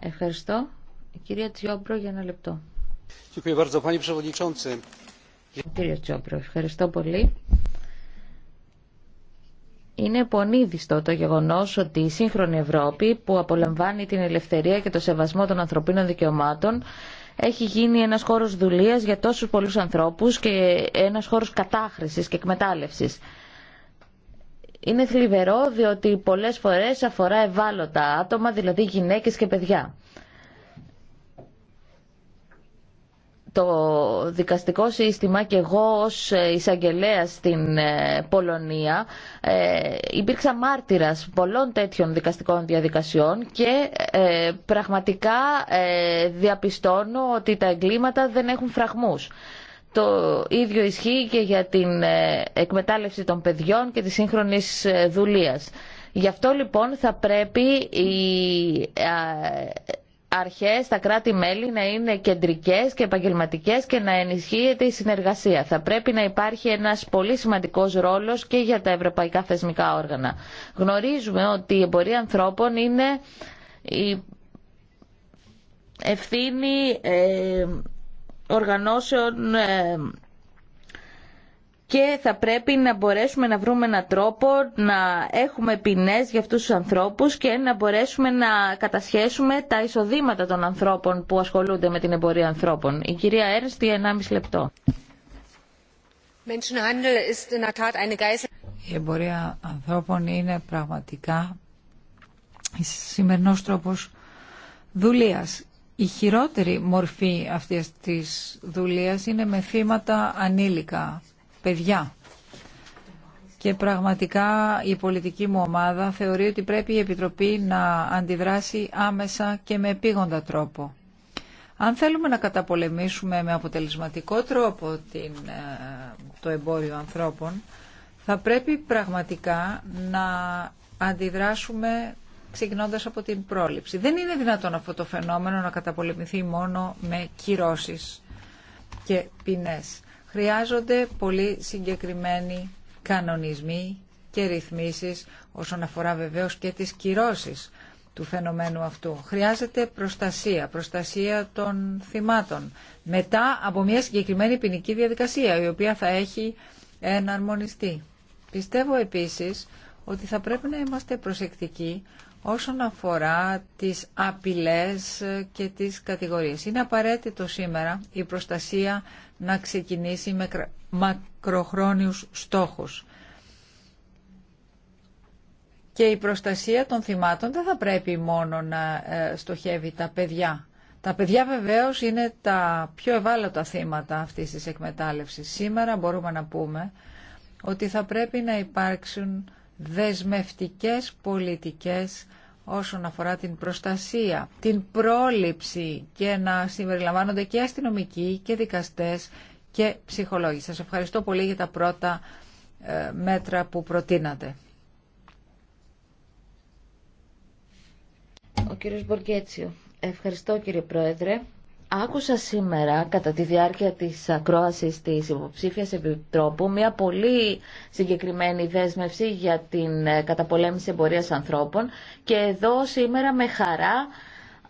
Ευχαριστώ. Κυρία Τσιόμπρο για ένα λεπτό. Κύριε Τσόπρο, ευχαριστώ πολύ. Είναι πονίδιστο το γεγονός ότι η σύγχρονη Ευρώπη που απολαμβάνει την ελευθερία και το σεβασμό των ανθρωπίνων δικαιωμάτων έχει γίνει ένας χώρος δουλείας για τόσους πολλούς ανθρώπους και ένας χώρος κατάχρησης και εκμετάλλευσης. Είναι θλιβερό διότι πολλές φορές αφορά ευάλωτα άτομα, δηλαδή γυναίκες και παιδιά. το δικαστικό σύστημα και εγώ ως εισαγγελέα στην ε, Πολωνία ε, υπήρξα μάρτυρας πολλών τέτοιων δικαστικών διαδικασιών και ε, πραγματικά διαπιστώνω ότι τα εγκλήματα δεν έχουν φραγμούς. Το ίδιο ισχύει και για την εκμετάλλευση των παιδιών και τη σύγχρονης δουλείας. Γι' αυτό λοιπόν θα πρέπει αρχές στα κράτη-μέλη να είναι κεντρικές και επαγγελματικές και να ενισχύεται η συνεργασία. Θα πρέπει να υπάρχει ένας πολύ σημαντικός ρόλος και για τα ευρωπαϊκά θεσμικά όργανα. Γνωρίζουμε ότι η εμπορία ανθρώπων είναι η ευθύνη ε, οργανώσεων ε, και θα πρέπει να μπορέσουμε να βρούμε έναν τρόπο να έχουμε ποινές για αυτούς τους ανθρώπους και να μπορέσουμε να κατασχέσουμε τα εισοδήματα των ανθρώπων που ασχολούνται με την εμπορία ανθρώπων. Η κυρία Έρνστη, 1,5 λεπτό. Η εμπορία ανθρώπων είναι πραγματικά σημερινός τρόπος δουλείας. Η χειρότερη μορφή αυτής της δουλείας είναι με θύματα ανήλικα παιδιά. Και πραγματικά η πολιτική μου ομάδα θεωρεί ότι πρέπει η Επιτροπή να αντιδράσει άμεσα και με επίγοντα τρόπο. Αν θέλουμε να καταπολεμήσουμε με αποτελεσματικό τρόπο την, ε, το εμπόριο ανθρώπων, θα πρέπει πραγματικά να αντιδράσουμε ξεκινώντας από την πρόληψη. Δεν είναι δυνατόν αυτό το φαινόμενο να καταπολεμηθεί μόνο με κυρώσεις και ποινές. Χρειάζονται πολύ συγκεκριμένοι κανονισμοί και ρυθμίσεις όσον αφορά βεβαίως και τις κυρώσεις του φαινομένου αυτού. Χρειάζεται προστασία, προστασία των θυμάτων μετά από μια συγκεκριμένη ποινική διαδικασία η οποία θα έχει εναρμονιστεί. Πιστεύω επίσης ότι θα πρέπει να είμαστε προσεκτικοί όσον αφορά τις απειλές και τις κατηγορίες. Είναι απαραίτητο σήμερα η προστασία να ξεκινήσει με μακροχρόνιους στόχους. Και η προστασία των θυμάτων δεν θα πρέπει μόνο να ε, στοχεύει τα παιδιά. Τα παιδιά βεβαίως είναι τα πιο ευάλωτα θύματα αυτής της εκμετάλλευσης. Σήμερα μπορούμε να πούμε ότι θα πρέπει να υπάρξουν δεσμευτικές πολιτικές όσον αφορά την προστασία, την πρόληψη και να συμπεριλαμβάνονται και αστυνομικοί και δικαστές και ψυχολόγοι. Σας ευχαριστώ πολύ για τα πρώτα ε, μέτρα που προτείνατε. Ο κύριος Μποργέτσιο. Ευχαριστώ κύριε Πρόεδρε. Άκουσα σήμερα κατά τη διάρκεια της ακρόασης της υποψήφιας επιτρόπου μια πολύ συγκεκριμένη δέσμευση για την καταπολέμηση εμπορίας ανθρώπων και εδώ σήμερα με χαρά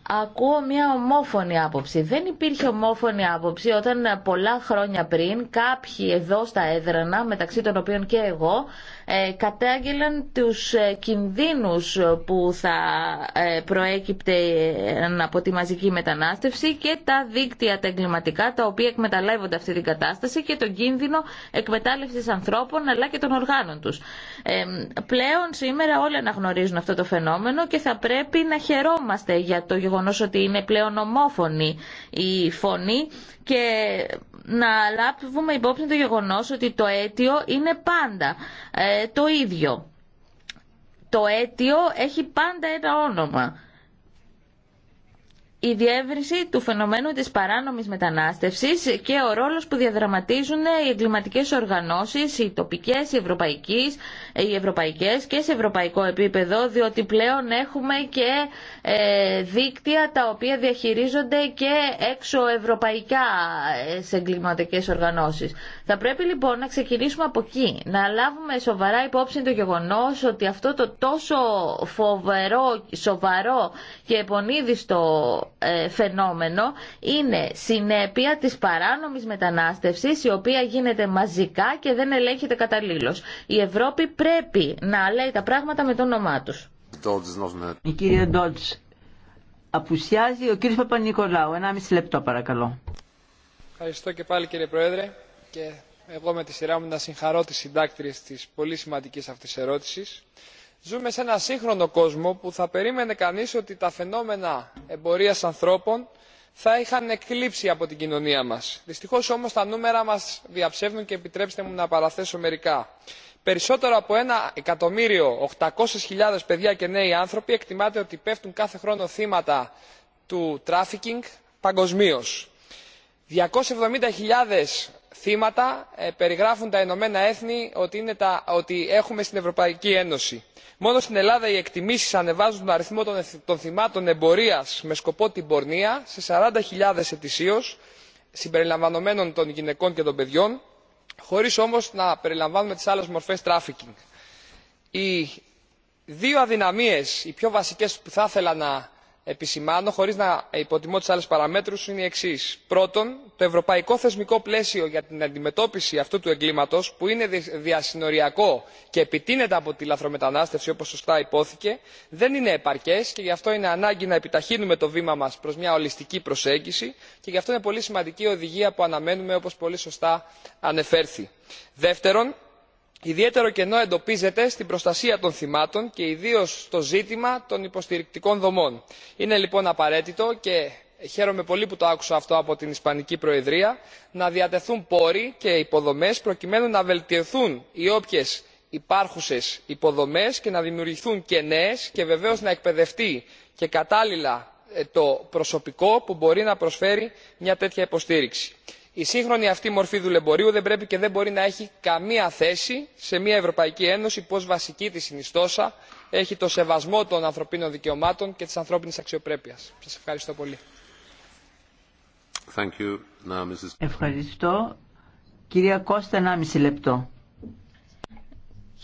ακούω μια ομόφωνη άποψη. Δεν υπήρχε ομόφωνη άποψη όταν ε, πολλά χρόνια πριν κάποιοι εδώ στα έδρανα, μεταξύ των οποίων και εγώ, ε, κατάγγελαν τους ε, κινδύνους που θα προέκυπτε από τη μαζική μετανάστευση και τα δίκτυα τα εγκληματικά τα οποία εκμεταλλεύονται αυτή την κατάσταση και τον κίνδυνο εκμετάλλευσης ανθρώπων αλλά και των οργάνων τους. πλέον σήμερα όλοι αναγνωρίζουν αυτό το φαινόμενο και θα πρέπει να χαιρόμαστε για το γεγονό γεγονός ότι είναι πλέον ομόφωνη η φωνή και να λάβουμε υπόψη το γεγονός ότι το αίτιο είναι πάντα ε, το ίδιο. Το αίτιο έχει πάντα ένα όνομα η διεύρυνση του φαινομένου της παράνομης μετανάστευσης και ο ρόλος που διαδραματίζουν οι εγκληματικές οργανώσεις, οι τοπικές, οι, ευρωπαϊκές, οι ευρωπαϊκές και σε ευρωπαϊκό επίπεδο, διότι πλέον έχουμε και ε, δίκτυα τα οποία διαχειρίζονται και έξω ευρωπαϊκά ε, σε εγκληματικές οργανώσεις. Θα πρέπει λοιπόν να ξεκινήσουμε από εκεί, να λάβουμε σοβαρά υπόψη το γεγονός ότι αυτό το τόσο φοβερό, σοβαρό και επονίδιστο ε, φαινόμενο είναι συνέπεια της παράνομης μετανάστευσης η οποία γίνεται μαζικά και δεν ελέγχεται καταλήλως. Η Ευρώπη πρέπει να λέει τα πράγματα με το όνομά τους. Η κυρία Ντότς, απουσιάζει ο κύριος Παπα-Νικολάου. 1,5 λεπτό παρακαλώ. Ευχαριστώ και πάλι κύριε Πρόεδρε και εγώ με τη σειρά μου να συγχαρώ τις συντάκτηρες της πολύ σημαντικής αυτής ερώτησης ζούμε σε ένα σύγχρονο κόσμο που θα περίμενε κανείς ότι τα φαινόμενα εμπορίας ανθρώπων θα είχαν εκλείψει από την κοινωνία μας. δυστυχώς όμως τα νούμερα μας διαψεύδουν και επιτρέψτε μου να παραθέσω μερικά. περισσότερο από ένα εκατομμύριο 800.000 παιδιά και νέοι άνθρωποι εκτιμάται ότι πέφτουν κάθε χρόνο θύματα του τράφικινγκ παγκοσμίω. 270.000 θύματα ε, περιγράφουν τα ηνωμένα έθνη ότι έχουμε στην ευρωπαϊκή ένωση. μόνο στην ελλάδα οι εκτιμήσει ανεβάζουν τον αριθμό των θυμάτων εμπορίας με σκοπό την πορνεία σε 40.000 ετησίω συμπεριλαμβανομένων των γυναικών και των παιδιών χωρίς όμως να περιλαμβάνουμε τις άλλες μορφές τράφικινγκ. οι δύο αδυναμίες οι πιο βασικέ που θα ήθελα να επισημάνω χωρί να υποτιμώ τι άλλε παραμέτρου είναι οι εξή πρώτον το ευρωπαϊκό θεσμικό πλαίσιο για την αντιμετώπιση αυτού του εγκλήματο που είναι διασυνοριακό και επιτείνεται από τη λαθρομετανάστευση όπω σωστά υπόθηκε δεν είναι επαρκέ και γι' αυτό είναι ανάγκη να επιταχύνουμε το βήμα μα προ μια ολιστική προσέγγιση και γι' αυτό είναι πολύ σημαντική η οδηγία που αναμένουμε όπω πολύ σωστά ανεφέρθη. δεύτερον ιδιαίτερο κενό εντοπίζεται στην προστασία των θυμάτων και ιδίως στο ζήτημα των υποστηρικτικών δομών. είναι λοιπόν απαραίτητο και χαίρομαι πολύ που το άκουσα αυτό από την ισπανική προεδρία να διατεθούν πόροι και υποδομές προκειμένου να βελτιωθούν οι όποιες υπάρχουσες υποδομές και να δημιουργηθούν και νέες και βεβαίως να εκπαιδευτεί και κατάλληλα ε, το προσωπικό που μπορεί να προσφέρει μια τέτοια υποστήριξη η σύγχρονη αυτή μορφή δουλεμπορίου δεν πρέπει και δεν μπορεί να έχει καμία θέση σε μια ευρωπαϊκή ένωση που ως βασική της συνιστόσα έχει το σεβασμό των ανθρωπίνων δικαιωμάτων και της ανθρώπινης αξιοπρέπειας. Σας ευχαριστώ πολύ. Ευχαριστώ. Κυρία Κώστα, 1,5 λεπτό.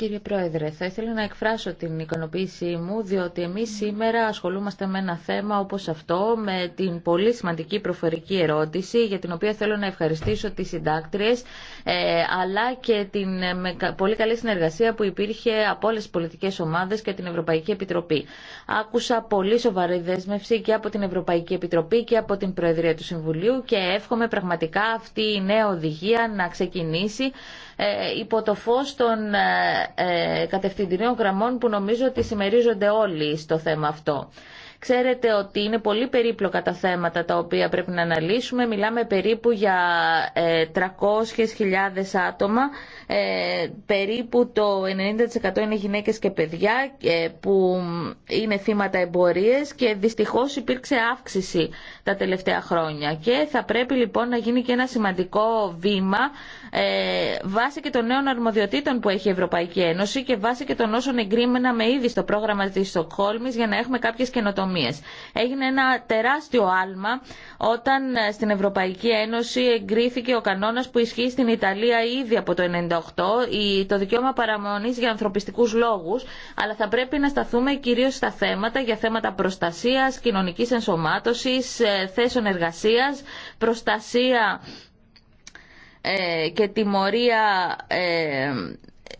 Κύριε Πρόεδρε, θα ήθελα να εκφράσω την ικανοποίησή μου, διότι εμείς σήμερα ασχολούμαστε με ένα θέμα όπως αυτό, με την πολύ σημαντική προφορική ερώτηση, για την οποία θέλω να ευχαριστήσω τις συντάκτριες, ε, αλλά και την ε, πολύ καλή συνεργασία που υπήρχε από όλες τις πολιτικές ομάδες και την Ευρωπαϊκή Επιτροπή. Άκουσα πολύ σοβαρή δέσμευση και από την Ευρωπαϊκή Επιτροπή και από την Προεδρία του Συμβουλίου και εύχομαι πραγματικά αυτή η νέα οδηγία να ξεκινήσει ε, υπό το φως των ε, ε, κατευθυντηρίων γραμμών που νομίζω ότι συμμερίζονται όλοι στο θέμα αυτό. Ξέρετε ότι είναι πολύ περίπλοκα τα θέματα τα οποία πρέπει να αναλύσουμε. Μιλάμε περίπου για 300.000 ε, άτομα, ε, περίπου το 90% είναι γυναίκες και παιδιά ε, που είναι θύματα εμπορίες και δυστυχώς υπήρξε αύξηση τα τελευταία χρόνια. Και θα πρέπει λοιπόν να γίνει και ένα σημαντικό βήμα βάσει και των νέων αρμοδιοτήτων που έχει η Ευρωπαϊκή Ένωση και βάσει και των όσων εγκρίμενα με ήδη στο πρόγραμμα της Στοκχόλμης για να έχουμε κάποιες καινοτομίες Έγινε ένα τεράστιο άλμα όταν ε, στην Ευρωπαϊκή Ένωση εγκρίθηκε ο κανόνας που ισχύει στην Ιταλία ήδη από το 1998, το δικαίωμα παραμονής για ανθρωπιστικούς λόγους, αλλά θα πρέπει να σταθούμε κυρίως στα θέματα για θέματα προστασίας, κοινωνικής ενσωμάτωσης, ε, θέσεων εργασίας, προστασία ε, και τιμωρία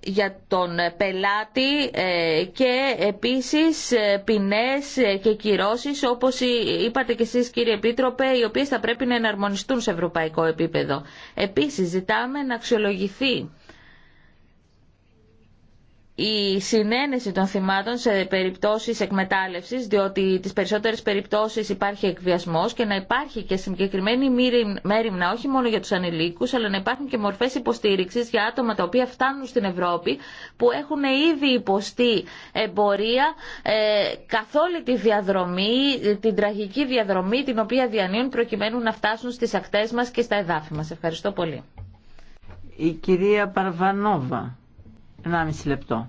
για τον πελάτη ε, και επίσης ε, ποινές ε, και κυρώσεις όπως είπατε και εσείς κύριε Επίτροπε οι οποίες θα πρέπει να εναρμονιστούν σε ευρωπαϊκό επίπεδο. Επίσης ζητάμε να αξιολογηθεί η συνένεση των θυμάτων σε περιπτώσεις εκμετάλλευσης, διότι τις περισσότερες περιπτώσεις υπάρχει εκβιασμός και να υπάρχει και συγκεκριμένη μέρημνα όχι μόνο για τους ανηλίκους, αλλά να υπάρχουν και μορφές υποστήριξης για άτομα τα οποία φτάνουν στην Ευρώπη, που έχουν ήδη υποστεί εμπορία ε, καθ' τη διαδρομή, την τραγική διαδρομή την οποία διανύουν προκειμένου να φτάσουν στις ακτές μας και στα εδάφη μας. Ευχαριστώ πολύ. Η κυρία Παρβανόβα λεπτό.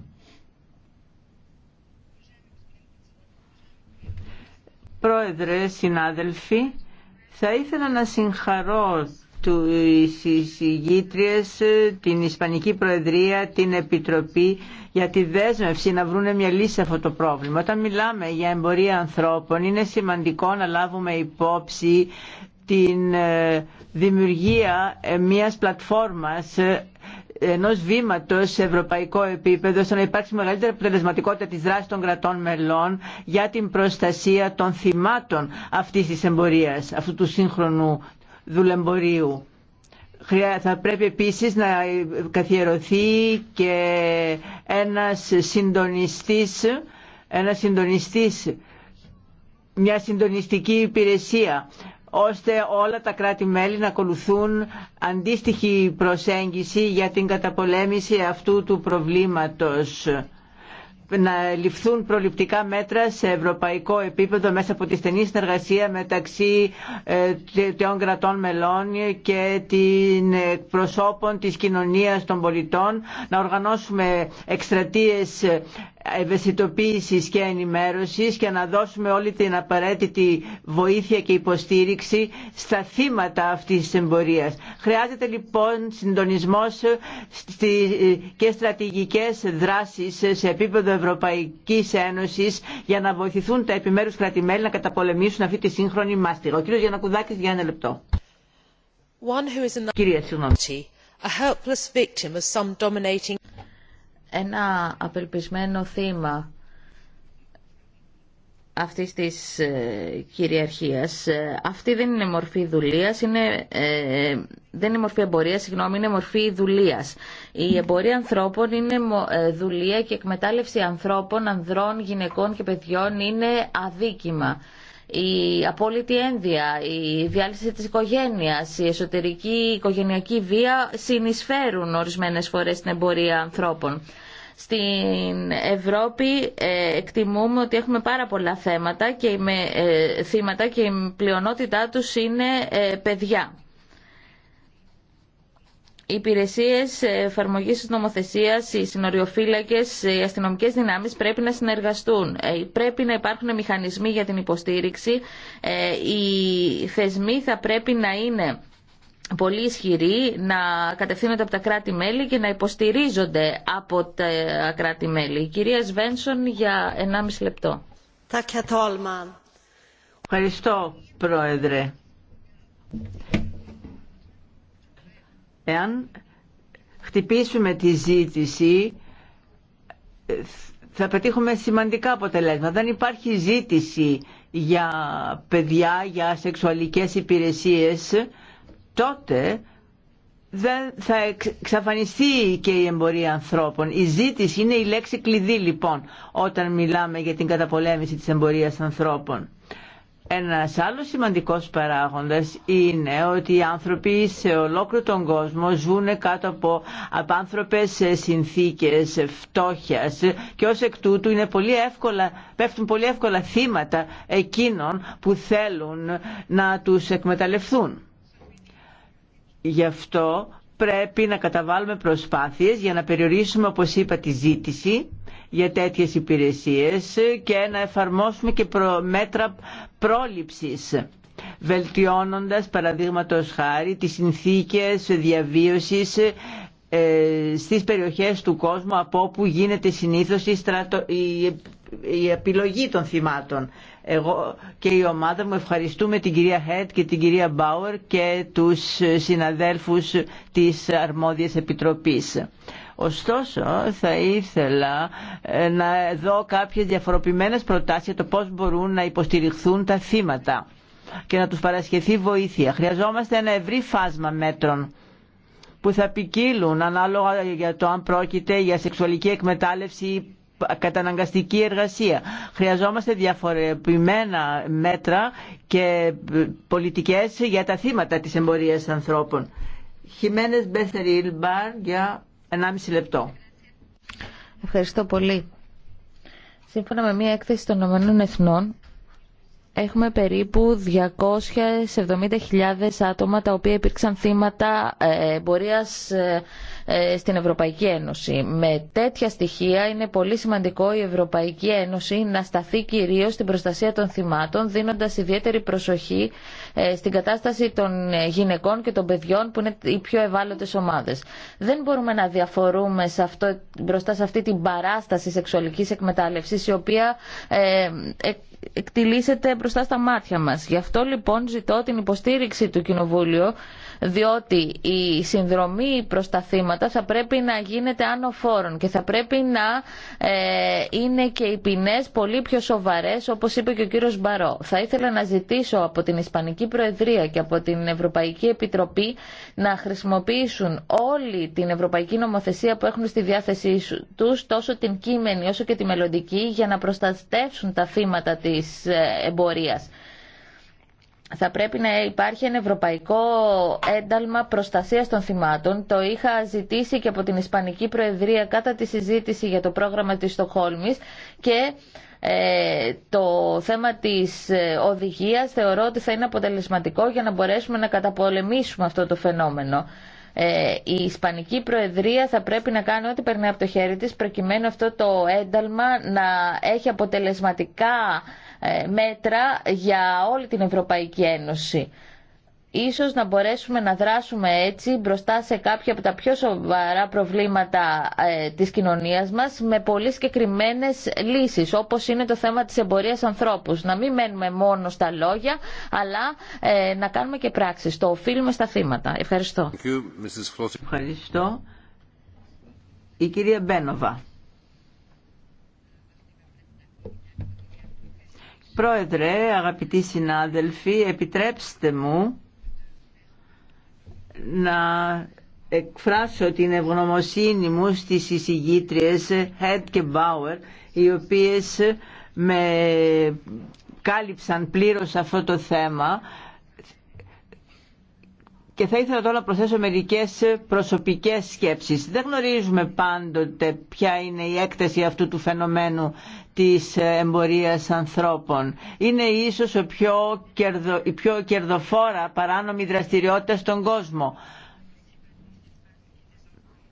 Πρόεδρε, συνάδελφοι, θα ήθελα να συγχαρώ του συγγήτριες, την Ισπανική Προεδρία, την Επιτροπή για τη δέσμευση να βρουν μια λύση σε αυτό το πρόβλημα. Όταν μιλάμε για εμπορία ανθρώπων είναι σημαντικό να λάβουμε υπόψη την ε, δημιουργία ε, μιας πλατφόρμας ενός βήματος σε ευρωπαϊκό επίπεδο ώστε να υπάρξει μεγαλύτερη αποτελεσματικότητα της δράσης των κρατών μελών για την προστασία των θυμάτων αυτής της εμπορίας, αυτού του σύγχρονου δουλεμπορίου. Θα πρέπει επίσης να καθιερωθεί και ένας συντονιστής, ένας συντονιστής μια συντονιστική υπηρεσία ώστε όλα τα κράτη-μέλη να ακολουθούν αντίστοιχη προσέγγιση για την καταπολέμηση αυτού του προβλήματος να ληφθούν προληπτικά μέτρα σε ευρωπαϊκό επίπεδο μέσα από τη στενή συνεργασία μεταξύ ε, των κρατών μελών και την προσώπων της κοινωνίας των πολιτών, να οργανώσουμε εκστρατείες ευαισθητοποίησης και ενημέρωσης και να δώσουμε όλη την απαραίτητη βοήθεια και υποστήριξη στα θύματα αυτής της εμπορίας. Χρειάζεται λοιπόν συντονισμός και στρατηγικές δράσεις σε επίπεδο Ευρωπαϊκής Ένωσης για να βοηθηθούν τα επιμέρους κρατημέλη να καταπολεμήσουν αυτή τη σύγχρονη μάστιγα. Ο κύριος Γιανακουδάκης για ένα λεπτό. Κυρία, συγγνώμη. helpless victim of some dominating ένα απελπισμένο θύμα αυτής της ε, κυριαρχίας. Ε, αυτή δεν είναι μορφή δουλείας, είναι, ε, δεν είναι μορφή εμπορία, συγγνώμη, είναι μορφή δουλείας. Η εμπορία ανθρώπων είναι δουλεία και εκμετάλλευση ανθρώπων, ανδρών, γυναικών και παιδιών είναι αδίκημα η απόλυτη ένδια, η διάλυση της οικογένειας, η εσωτερική οικογενειακή βία συνεισφέρουν ορισμένες φορές στην εμπορία ανθρώπων. Στην Ευρώπη ε, εκτιμούμε ότι έχουμε πάρα πολλά θέματα και με, ε, και η πλειονότητά τους είναι ε, παιδιά. Οι υπηρεσίες εφαρμογή της νομοθεσίας, οι συνοριοφύλακες, οι αστυνομικές δυνάμεις πρέπει να συνεργαστούν. Ε, πρέπει να υπάρχουν μηχανισμοί για την υποστήριξη. Ε, οι θεσμοί θα πρέπει να είναι πολύ ισχυροί, να κατευθύνονται από τα κράτη-μέλη και να υποστηρίζονται από τα κράτη-μέλη. Η κυρία Σβένσον για 1,5 λεπτό. Ευχαριστώ, Πρόεδρε. Εάν χτυπήσουμε τη ζήτηση θα πετύχουμε σημαντικά αποτελέσματα. Δεν υπάρχει ζήτηση για παιδιά, για σεξουαλικές υπηρεσίες, τότε δεν θα εξαφανιστεί και η εμπορία ανθρώπων. Η ζήτηση είναι η λέξη κλειδί λοιπόν όταν μιλάμε για την καταπολέμηση της εμπορίας ανθρώπων. Ένας άλλος σημαντικός παράγοντας είναι ότι οι άνθρωποι σε ολόκληρο τον κόσμο ζουν κάτω από απάνθρωπες συνθήκες φτώχειας και ως εκ τούτου είναι πολύ εύκολα, πέφτουν πολύ εύκολα θύματα εκείνων που θέλουν να τους εκμεταλλευτούν. Γι' αυτό πρέπει να καταβάλουμε προσπάθειες για να περιορίσουμε, όπως είπα, τη ζήτηση για τέτοιες υπηρεσίες και να εφαρμόσουμε και μέτρα πρόληψης βελτιώνοντας παραδείγματος χάρη τις συνθήκες διαβίωσης ε, στις περιοχές του κόσμου από όπου γίνεται συνήθως η, επιλογή των θυμάτων. Εγώ και η ομάδα μου ευχαριστούμε την κυρία Χέτ και την κυρία Μπάουερ και τους συναδέλφους της Αρμόδιας Επιτροπής. Ωστόσο θα ήθελα ε, να δω κάποιες διαφοροποιημένες προτάσεις για το πώς μπορούν να υποστηριχθούν τα θύματα και να τους παρασχεθεί βοήθεια. Χρειαζόμαστε ένα ευρύ φάσμα μέτρων που θα ποικίλουν ανάλογα για το αν πρόκειται για σεξουαλική εκμετάλλευση ή καταναγκαστική εργασία. Χρειαζόμαστε διαφορετικά μέτρα και ε, πολιτικές για τα θύματα της εμπορίας ανθρώπων. Χιμένες για 1,5 λεπτό. Ευχαριστώ πολύ. Σύμφωνα με μια έκθεση των Ηνωμένων Εθνών, έχουμε περίπου 270.000 άτομα τα οποία υπήρξαν θύματα ε, εμπορίας ε, ε, στην Ευρωπαϊκή Ένωση. Με τέτοια στοιχεία είναι πολύ σημαντικό η Ευρωπαϊκή Ένωση να σταθεί κυρίως στην προστασία των θυμάτων, δίνοντας ιδιαίτερη προσοχή ε, στην κατάσταση των ε, γυναικών και των παιδιών που είναι οι πιο ευάλωτες ομάδες. Δεν μπορούμε να διαφορούμε σε αυτό, μπροστά σε αυτή την παράσταση σεξουαλικής εκμετάλλευσης η οποία εκτιλήσεται μπροστά στα μάτια μας. Γι' αυτό λοιπόν ζητώ την υποστήριξη του Κοινοβούλιο διότι η συνδρομή προς τα θύματα θα πρέπει να γίνεται άνω και θα πρέπει να ε, είναι και οι ποινές πολύ πιο σοβαρές όπως είπε και ο κύριος Μπαρό. Θα ήθελα να ζητήσω από την Ισπανική Προεδρία και από την Ευρωπαϊκή Επιτροπή να χρησιμοποιήσουν όλη την Ευρωπαϊκή Νομοθεσία που έχουν στη διάθεσή τους τόσο την κείμενη όσο και τη μελλοντική για να προστατεύσουν τα θύματα της ε, εμπορίας θα πρέπει να υπάρχει ένα ευρωπαϊκό ένταλμα προστασίας των θυμάτων. Το είχα ζητήσει και από την Ισπανική Προεδρία κατά τη συζήτηση για το πρόγραμμα της Στοχόλμης και ε, το θέμα της ε, οδηγίας θεωρώ ότι θα είναι αποτελεσματικό για να μπορέσουμε να καταπολεμήσουμε αυτό το φαινόμενο. Ε, η Ισπανική Προεδρία θα πρέπει να κάνει ό,τι περνάει από το χέρι της προκειμένου αυτό το ένταλμα να έχει αποτελεσματικά ε, μέτρα για όλη την Ευρωπαϊκή Ένωση. Ίσως να μπορέσουμε να δράσουμε έτσι μπροστά σε κάποια από τα πιο σοβαρά προβλήματα ε, της κοινωνίας μας με πολύ συγκεκριμένε λύσεις όπως είναι το θέμα της εμπορίας ανθρώπους. Να μην μένουμε μόνο στα λόγια αλλά ε, να κάνουμε και πράξεις. Το οφείλουμε στα θύματα. Ευχαριστώ. Ευχαριστώ. Η κυρία Μπένοβα. Πρόεδρε, αγαπητοί συνάδελφοι, επιτρέψτε μου να εκφράσω την ευγνωμοσύνη μου στις εισηγήτριες Head και Bauer οι οποίες με κάλυψαν πλήρως αυτό το θέμα και θα ήθελα τώρα να προσθέσω μερικές προσωπικές σκέψεις. Δεν γνωρίζουμε πάντοτε ποια είναι η έκταση αυτού του φαινομένου της εμπορίας ανθρώπων. Είναι ίσως ο πιο κερδο, η πιο κερδοφόρα παράνομη δραστηριότητα στον κόσμο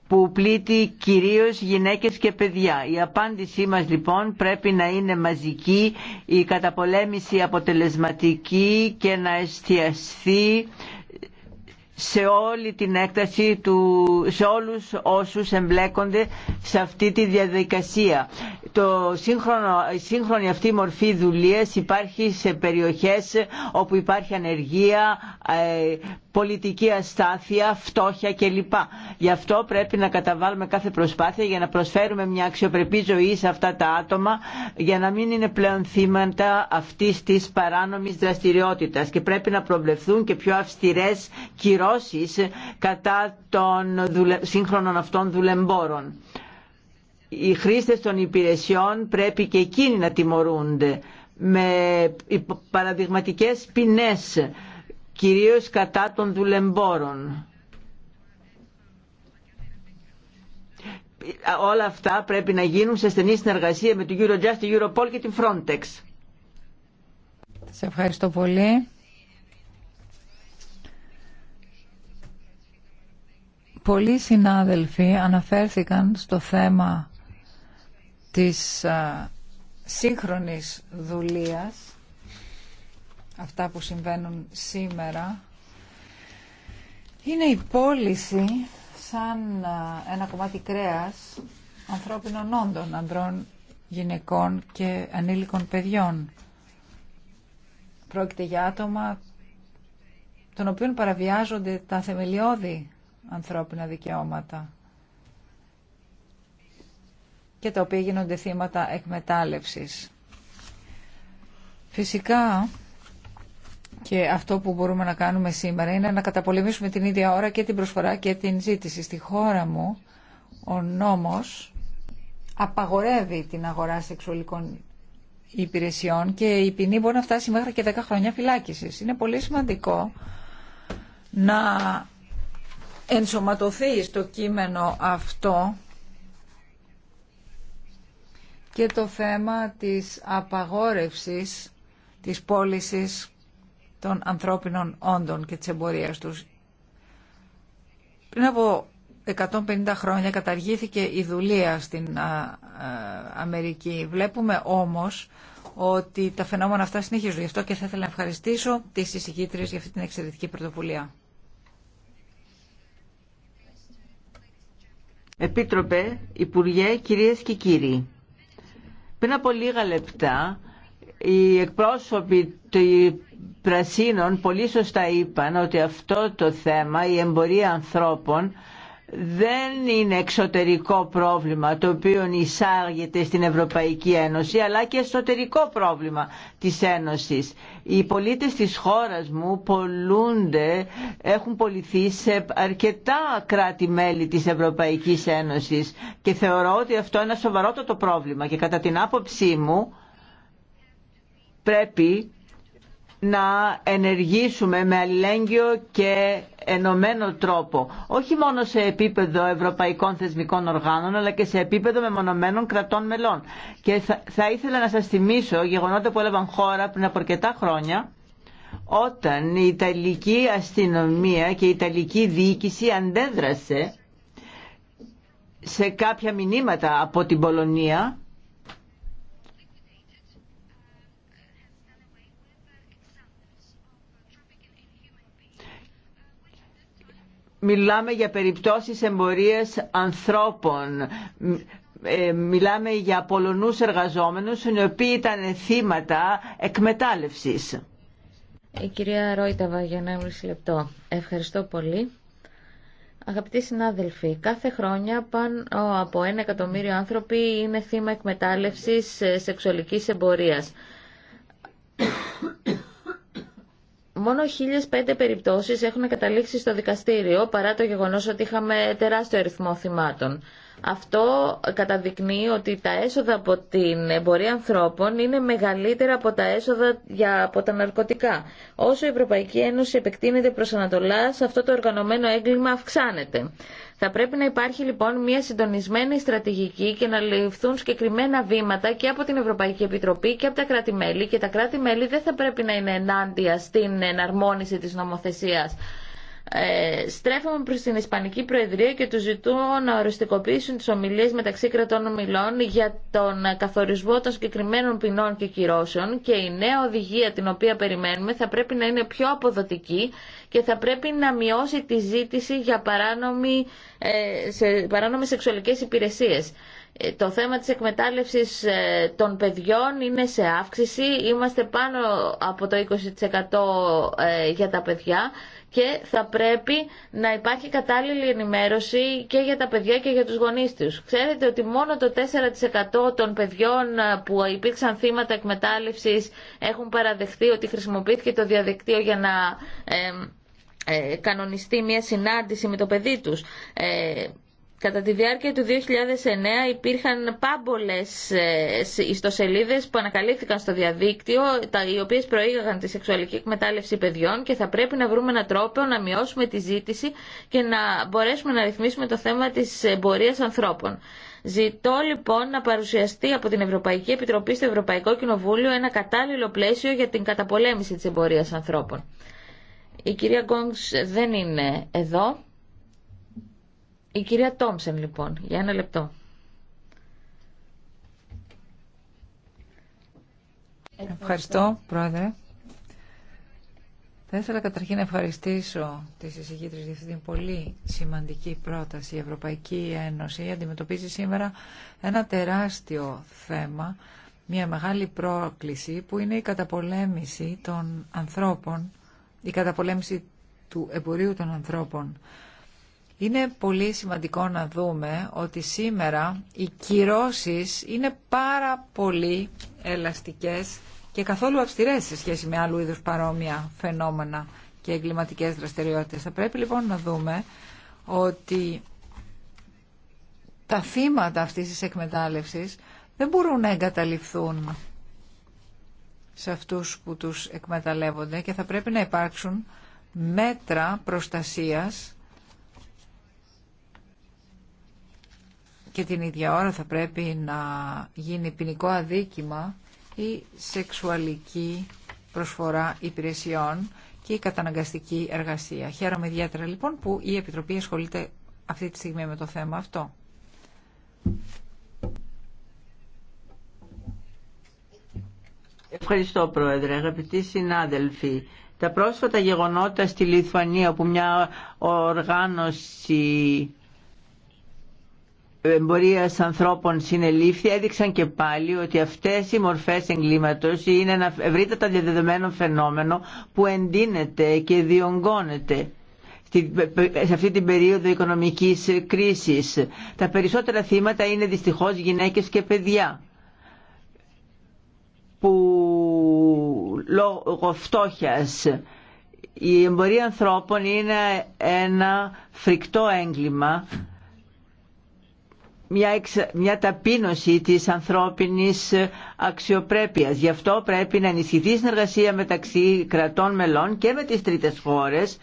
που πλήττει κυρίως γυναίκες και παιδιά. Η απάντησή μας λοιπόν πρέπει να είναι μαζική, η καταπολέμηση αποτελεσματική και να εστιαστεί σε όλη την έκταση του, σε όλους όσους εμπλέκονται σε αυτή τη διαδικασία. Το σύγχρονο, η σύγχρονη αυτή μορφή δουλείας υπάρχει σε περιοχές όπου υπάρχει ανεργία, ε, πολιτική αστάθεια, φτώχεια κλπ. Γι' αυτό πρέπει να καταβάλουμε κάθε προσπάθεια για να προσφέρουμε μια αξιοπρεπή ζωή σε αυτά τα άτομα για να μην είναι πλέον θύματα αυτής της παράνομης δραστηριότητας και πρέπει να προβλεφθούν και πιο αυστηρές κυρώσεις κατά των σύγχρονων αυτών δουλεμπόρων. Οι χρήστε των υπηρεσιών πρέπει και εκείνοι να τιμωρούνται με παραδειγματικές ποινές κυρίως κατά των δουλεμπόρων. Όλα αυτά πρέπει να γίνουν σε στενή συνεργασία με την Eurojust, την Europol και την Frontex. Σε ευχαριστώ πολύ. Πολλοί συνάδελφοι αναφέρθηκαν στο θέμα της σύγχρονης δουλείας αυτά που συμβαίνουν σήμερα είναι η πώληση σαν ένα κομμάτι κρέας ανθρώπινων όντων, ανδρών, γυναικών και ανήλικων παιδιών. Πρόκειται για άτομα των οποίων παραβιάζονται τα θεμελιώδη ανθρώπινα δικαιώματα και τα οποία γίνονται θύματα εκμετάλλευσης. Φυσικά, και αυτό που μπορούμε να κάνουμε σήμερα είναι να καταπολεμήσουμε την ίδια ώρα και την προσφορά και την ζήτηση. Στη χώρα μου ο νόμος απαγορεύει την αγορά σεξουαλικών υπηρεσιών και η ποινή μπορεί να φτάσει μέχρι και 10 χρόνια φυλάκισης. Είναι πολύ σημαντικό να ενσωματωθεί στο κείμενο αυτό και το θέμα της απαγόρευσης της πώληση των ανθρώπινων όντων και της εμπορίας τους. Πριν από 150 χρόνια καταργήθηκε η δουλεία στην Αμερική. Βλέπουμε όμως ότι τα φαινόμενα αυτά συνεχίζουν. Γι' αυτό και θα ήθελα να ευχαριστήσω τις εισηγήτριες για αυτή την εξαιρετική πρωτοβουλία. Επίτροπε, Υπουργέ, κυρίες και κύριοι. Πριν από λίγα λεπτά, οι εκπρόσωποι Πρασίνων πολύ σωστά είπαν ότι αυτό το θέμα, η εμπορία ανθρώπων, δεν είναι εξωτερικό πρόβλημα το οποίο εισάγεται στην Ευρωπαϊκή Ένωση αλλά και εσωτερικό πρόβλημα της Ένωσης. Οι πολίτες της χώρας μου πολλούνται, έχουν πολιθεί σε αρκετά κράτη-μέλη της Ευρωπαϊκής Ένωσης και θεωρώ ότι αυτό είναι ένα σοβαρότατο πρόβλημα και κατά την άποψή μου πρέπει να ενεργήσουμε με αλληλέγγυο και ενωμένο τρόπο, όχι μόνο σε επίπεδο ευρωπαϊκών θεσμικών οργάνων, αλλά και σε επίπεδο μεμονωμένων κρατών μελών. Και θα, θα ήθελα να σας θυμίσω γεγονότα που έλαβαν χώρα πριν από αρκετά χρόνια, όταν η Ιταλική αστυνομία και η Ιταλική διοίκηση αντέδρασε σε κάποια μηνύματα από την Πολωνία Μιλάμε για περιπτώσεις εμπορίες ανθρώπων. Ε, μιλάμε για Πολωνούς εργαζόμενους, οι οποίοι ήταν θύματα εκμετάλλευσης. Η κυρία Ρόιταβα για ένα λεπτό. Ευχαριστώ πολύ. Αγαπητοί συνάδελφοι, κάθε χρόνια πάνω από ένα εκατομμύριο άνθρωποι είναι θύμα εκμετάλλευσης ε, σεξουαλικής εμπορίας. Μόνο 1.005 περιπτώσεις έχουν καταλήξει στο δικαστήριο παρά το γεγονός ότι είχαμε τεράστιο αριθμό θυμάτων. Αυτό καταδεικνύει ότι τα έσοδα από την εμπορία ανθρώπων είναι μεγαλύτερα από τα έσοδα για, από τα ναρκωτικά. Όσο η Ευρωπαϊκή Ένωση επεκτείνεται προς Ανατολάς, αυτό το οργανωμένο έγκλημα αυξάνεται. Θα πρέπει να υπάρχει λοιπόν μια συντονισμένη στρατηγική και να ληφθούν συγκεκριμένα βήματα και από την Ευρωπαϊκή Επιτροπή και από τα κράτη-μέλη και τα κράτη-μέλη δεν θα πρέπει να είναι ενάντια στην εναρμόνιση της νομοθεσίας. Ε, στρέφομαι προς την Ισπανική Προεδρία και του ζητώ να οριστικοποιήσουν τις ομιλίες μεταξύ κρατών ομιλών για τον καθορισμό των συγκεκριμένων ποινών και κυρώσεων και η νέα οδηγία την οποία περιμένουμε θα πρέπει να είναι πιο αποδοτική και θα πρέπει να μειώσει τη ζήτηση για παράνομη, ε, σε, παράνομες σεξουαλικές υπηρεσίες. Το θέμα της εκμετάλλευσης ε, των παιδιών είναι σε αύξηση. Είμαστε πάνω από το 20% ε, για τα παιδιά και θα πρέπει να υπάρχει κατάλληλη ενημέρωση και για τα παιδιά και για τους γονείς τους. Ξέρετε ότι μόνο το 4% των παιδιών ε, που υπήρξαν θύματα εκμετάλλευσης έχουν παραδεχθεί ότι χρησιμοποιήθηκε το διαδικτύο για να ε, κανονιστεί μια συνάντηση με το παιδί τους. Κατά τη διάρκεια του 2009 υπήρχαν πάμπολες ε, ιστοσελίδες που ανακαλύφθηκαν στο διαδίκτυο, οι οποίες προήγαγαν τη σεξουαλική εκμετάλλευση παιδιών και θα πρέπει να βρούμε έναν τρόπο να μειώσουμε τη ζήτηση και να μπορέσουμε να ρυθμίσουμε το θέμα της εμπορίας ανθρώπων. Ζητώ λοιπόν να παρουσιαστεί από την Ευρωπαϊκή Επιτροπή στο Ευρωπαϊκό Κοινοβούλιο ένα κατάλληλο πλαίσιο για την καταπολέμηση της εμπορίας ανθρώπων. Η κυρία Γκόγκς δεν είναι εδώ. Η κυρία Τόμσεν, λοιπόν, για ένα λεπτό. Ευχαριστώ, Πρόεδρε. Θα ήθελα καταρχήν να ευχαριστήσω τη συζητήτρια για αυτή την πολύ σημαντική πρόταση. Η Ευρωπαϊκή Ένωση αντιμετωπίζει σήμερα ένα τεράστιο θέμα, μια μεγάλη πρόκληση που είναι η καταπολέμηση των ανθρώπων, η καταπολέμηση του εμπορίου των ανθρώπων. Είναι πολύ σημαντικό να δούμε ότι σήμερα οι κυρώσεις είναι πάρα πολύ ελαστικές και καθόλου αυστηρές σε σχέση με άλλου είδους παρόμοια φαινόμενα και εγκληματικές δραστηριότητες. Θα πρέπει λοιπόν να δούμε ότι τα θύματα αυτής της εκμετάλλευσης δεν μπορούν να εγκαταληφθούν σε αυτούς που τους εκμεταλλεύονται και θα πρέπει να υπάρξουν μέτρα προστασίας και την ίδια ώρα θα πρέπει να γίνει ποινικό αδίκημα η σεξουαλική προσφορά υπηρεσιών και η καταναγκαστική εργασία. Χαίρομαι ιδιαίτερα λοιπόν που η Επιτροπή ασχολείται αυτή τη στιγμή με το θέμα αυτό. Ευχαριστώ Πρόεδρε, αγαπητοί συνάδελφοι. Τα πρόσφατα γεγονότα στη Λιθουανία που μια οργάνωση εμπορία ανθρώπων συνελήφθη έδειξαν και πάλι ότι αυτές οι μορφές εγκλήματος είναι ένα ευρύτατα διαδεδομένο φαινόμενο που εντείνεται και διονγκώνεται σε αυτή την περίοδο οικονομικής κρίσης. Τα περισσότερα θύματα είναι δυστυχώς γυναίκες και παιδιά που λόγω φτώχειας η εμπορία ανθρώπων είναι ένα φρικτό έγκλημα μια, μια ταπείνωση της ανθρώπινης αξιοπρέπειας. Γι' αυτό πρέπει να ενισχυθεί η συνεργασία μεταξύ κρατών μελών και με τις τρίτες χώρες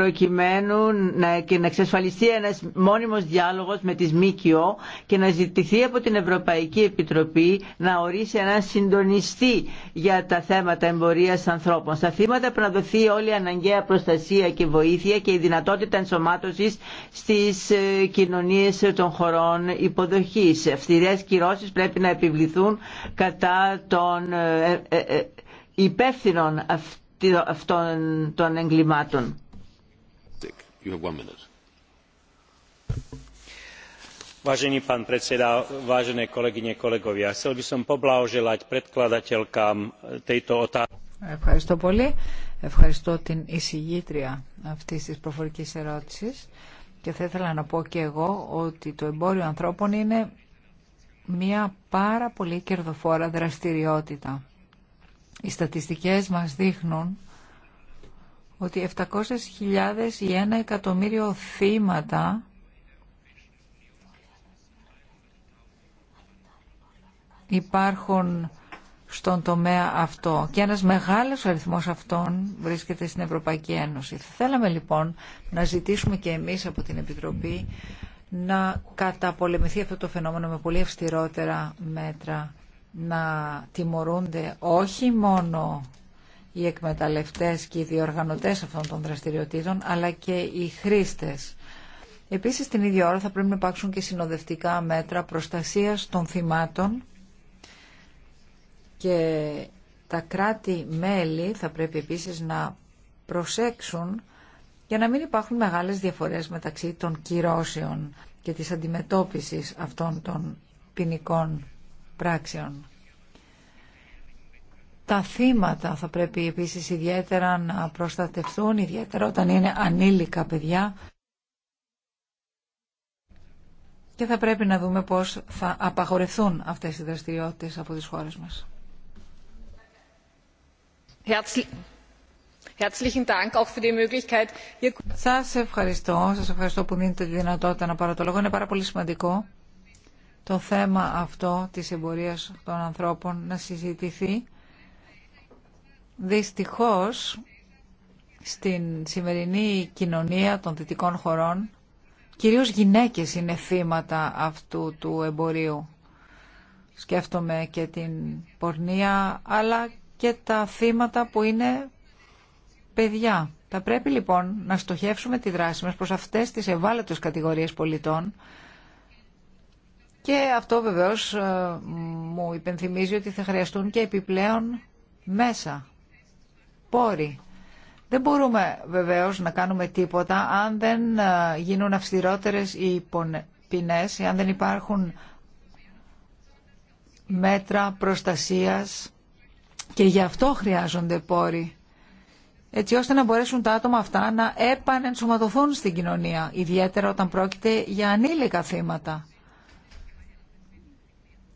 προκειμένου να, και να εξασφαλιστεί ένας μόνιμος διάλογος με τις ΜΚΟ και να ζητηθεί από την Ευρωπαϊκή Επιτροπή να ορίσει έναν συντονιστή για τα θέματα εμπορίας ανθρώπων. Στα θύματα που να δοθεί όλη η αναγκαία προστασία και βοήθεια και η δυνατότητα ενσωμάτωσης στις ε, κοινωνίες των χωρών υποδοχής. Αυστηρές κυρώσεις πρέπει να επιβληθούν κατά των ε, ε, υπεύθυνων αυτών των εγκλημάτων. Ευχαριστώ πολύ. Ευχαριστώ την εισηγήτρια αυτής της προφορικής ερώτησης και θα ήθελα να πω και εγώ ότι το εμπόριο ανθρώπων είναι μια πάρα πολύ κερδοφόρα δραστηριότητα. Οι στατιστικές μας δείχνουν ότι 700.000 ή 1 εκατομμύριο θύματα υπάρχουν στον τομέα αυτό και ένας μεγάλος αριθμός αυτών βρίσκεται στην Ευρωπαϊκή Ένωση. θέλαμε λοιπόν να ζητήσουμε και εμείς από την Επιτροπή να καταπολεμηθεί αυτό το φαινόμενο με πολύ αυστηρότερα μέτρα να τιμωρούνται όχι μόνο οι εκμεταλλευτές και οι διοργανωτές αυτών των δραστηριοτήτων, αλλά και οι χρήστες. Επίσης, την ίδια ώρα θα πρέπει να υπάρξουν και συνοδευτικά μέτρα προστασίας των θυμάτων και τα κράτη-μέλη θα πρέπει επίσης να προσέξουν για να μην υπάρχουν μεγάλες διαφορές μεταξύ των κυρώσεων και της αντιμετώπισης αυτών των ποινικών πράξεων. Τα θύματα θα πρέπει επίσης ιδιαίτερα να προστατευτούν, ιδιαίτερα όταν είναι ανήλικα παιδιά. Και θα πρέπει να δούμε πώς θα απαγορευθούν αυτές οι δραστηριότητες από τις χώρες μας. Σας ευχαριστώ. Σας ευχαριστώ που δίνετε τη δυνατότητα να πάρω το λόγο. Είναι πάρα πολύ σημαντικό το θέμα αυτό της εμπορίας των ανθρώπων να συζητηθεί Δυστυχώς, στην σημερινή κοινωνία των δυτικών χωρών, κυρίως γυναίκες είναι θύματα αυτού του εμπορίου. Σκέφτομαι και την πορνεία, αλλά και τα θύματα που είναι παιδιά. Θα πρέπει λοιπόν να στοχεύσουμε τη δράση μας προς αυτές τις ευάλωτες κατηγορίες πολιτών και αυτό βεβαίως ε, μου υπενθυμίζει ότι θα χρειαστούν και επιπλέον μέσα πόροι. Δεν μπορούμε βεβαίως να κάνουμε τίποτα αν δεν ε, γίνουν αυστηρότερες οι ποινές, αν δεν υπάρχουν μέτρα προστασίας και γι' αυτό χρειάζονται πόροι έτσι ώστε να μπορέσουν τα άτομα αυτά να επανενσωματωθούν στην κοινωνία, ιδιαίτερα όταν πρόκειται για ανήλικα θύματα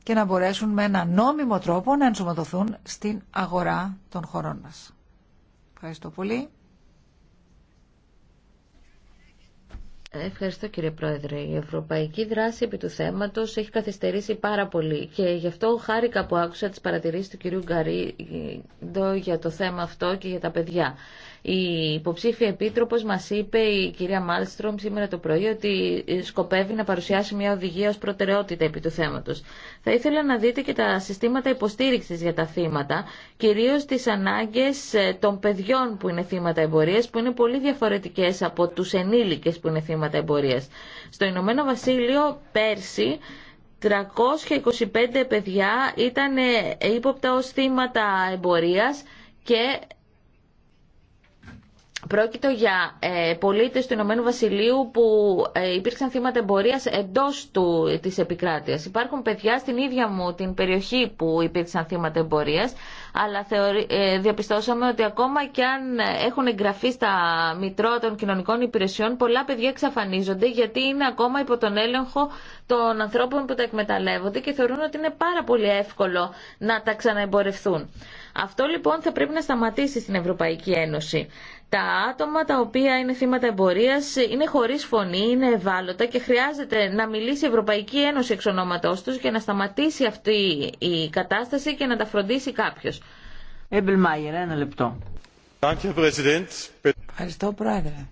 και να μπορέσουν με ένα νόμιμο τρόπο να ενσωματωθούν στην αγορά των χωρών μας. Ευχαριστώ πολύ. Ευχαριστώ κύριε Πρόεδρε. Η ευρωπαϊκή δράση επί του θέματος έχει καθυστερήσει πάρα πολύ και γι' αυτό χάρηκα που άκουσα τις παρατηρήσεις του κυρίου Γκαρίντο για το θέμα αυτό και για τα παιδιά. Η υποψήφια επίτροπος μας είπε η κυρία Μάλστρομ σήμερα το πρωί ότι σκοπεύει να παρουσιάσει μια οδηγία ω προτεραιότητα επί του θέματος. Θα ήθελα να δείτε και τα συστήματα υποστήριξης για τα θύματα, κυρίως τις ανάγκες ε, των παιδιών που είναι θύματα εμπορία, που είναι πολύ διαφορετικές από τους ενήλικες που είναι θύματα εμπορία. Στο Ηνωμένο Βασίλειο πέρσι 325 παιδιά ήταν ε, ύποπτα ως θύματα εμπορίας και Πρόκειτο για ε, πολίτες του Ηνωμένου Βασιλείου που ε, υπήρξαν θύματα εμπορίας εντός του, της επικράτειας. Υπάρχουν παιδιά στην ίδια μου την περιοχή που υπήρξαν θύματα εμπορίας, αλλά ε, διαπιστώσαμε ότι ακόμα και αν έχουν εγγραφεί στα Μητρώα των Κοινωνικών Υπηρεσιών, πολλά παιδιά εξαφανίζονται γιατί είναι ακόμα υπό τον έλεγχο των ανθρώπων που τα εκμεταλλεύονται και θεωρούν ότι είναι πάρα πολύ εύκολο να τα ξαναεμπορευθούν. Αυτό λοιπόν θα πρέπει να σταματήσει στην Ευρωπαϊκή Ένωση. Τα άτομα τα οποία είναι θύματα εμπορία είναι χωρί φωνή, είναι ευάλωτα και χρειάζεται να μιλήσει η Ευρωπαϊκή Ένωση εξ ονόματό του και να σταματήσει αυτή η κατάσταση και να τα φροντίσει κάποιο. ένα λεπτό. Ευχαριστώ, Πρόεδρε.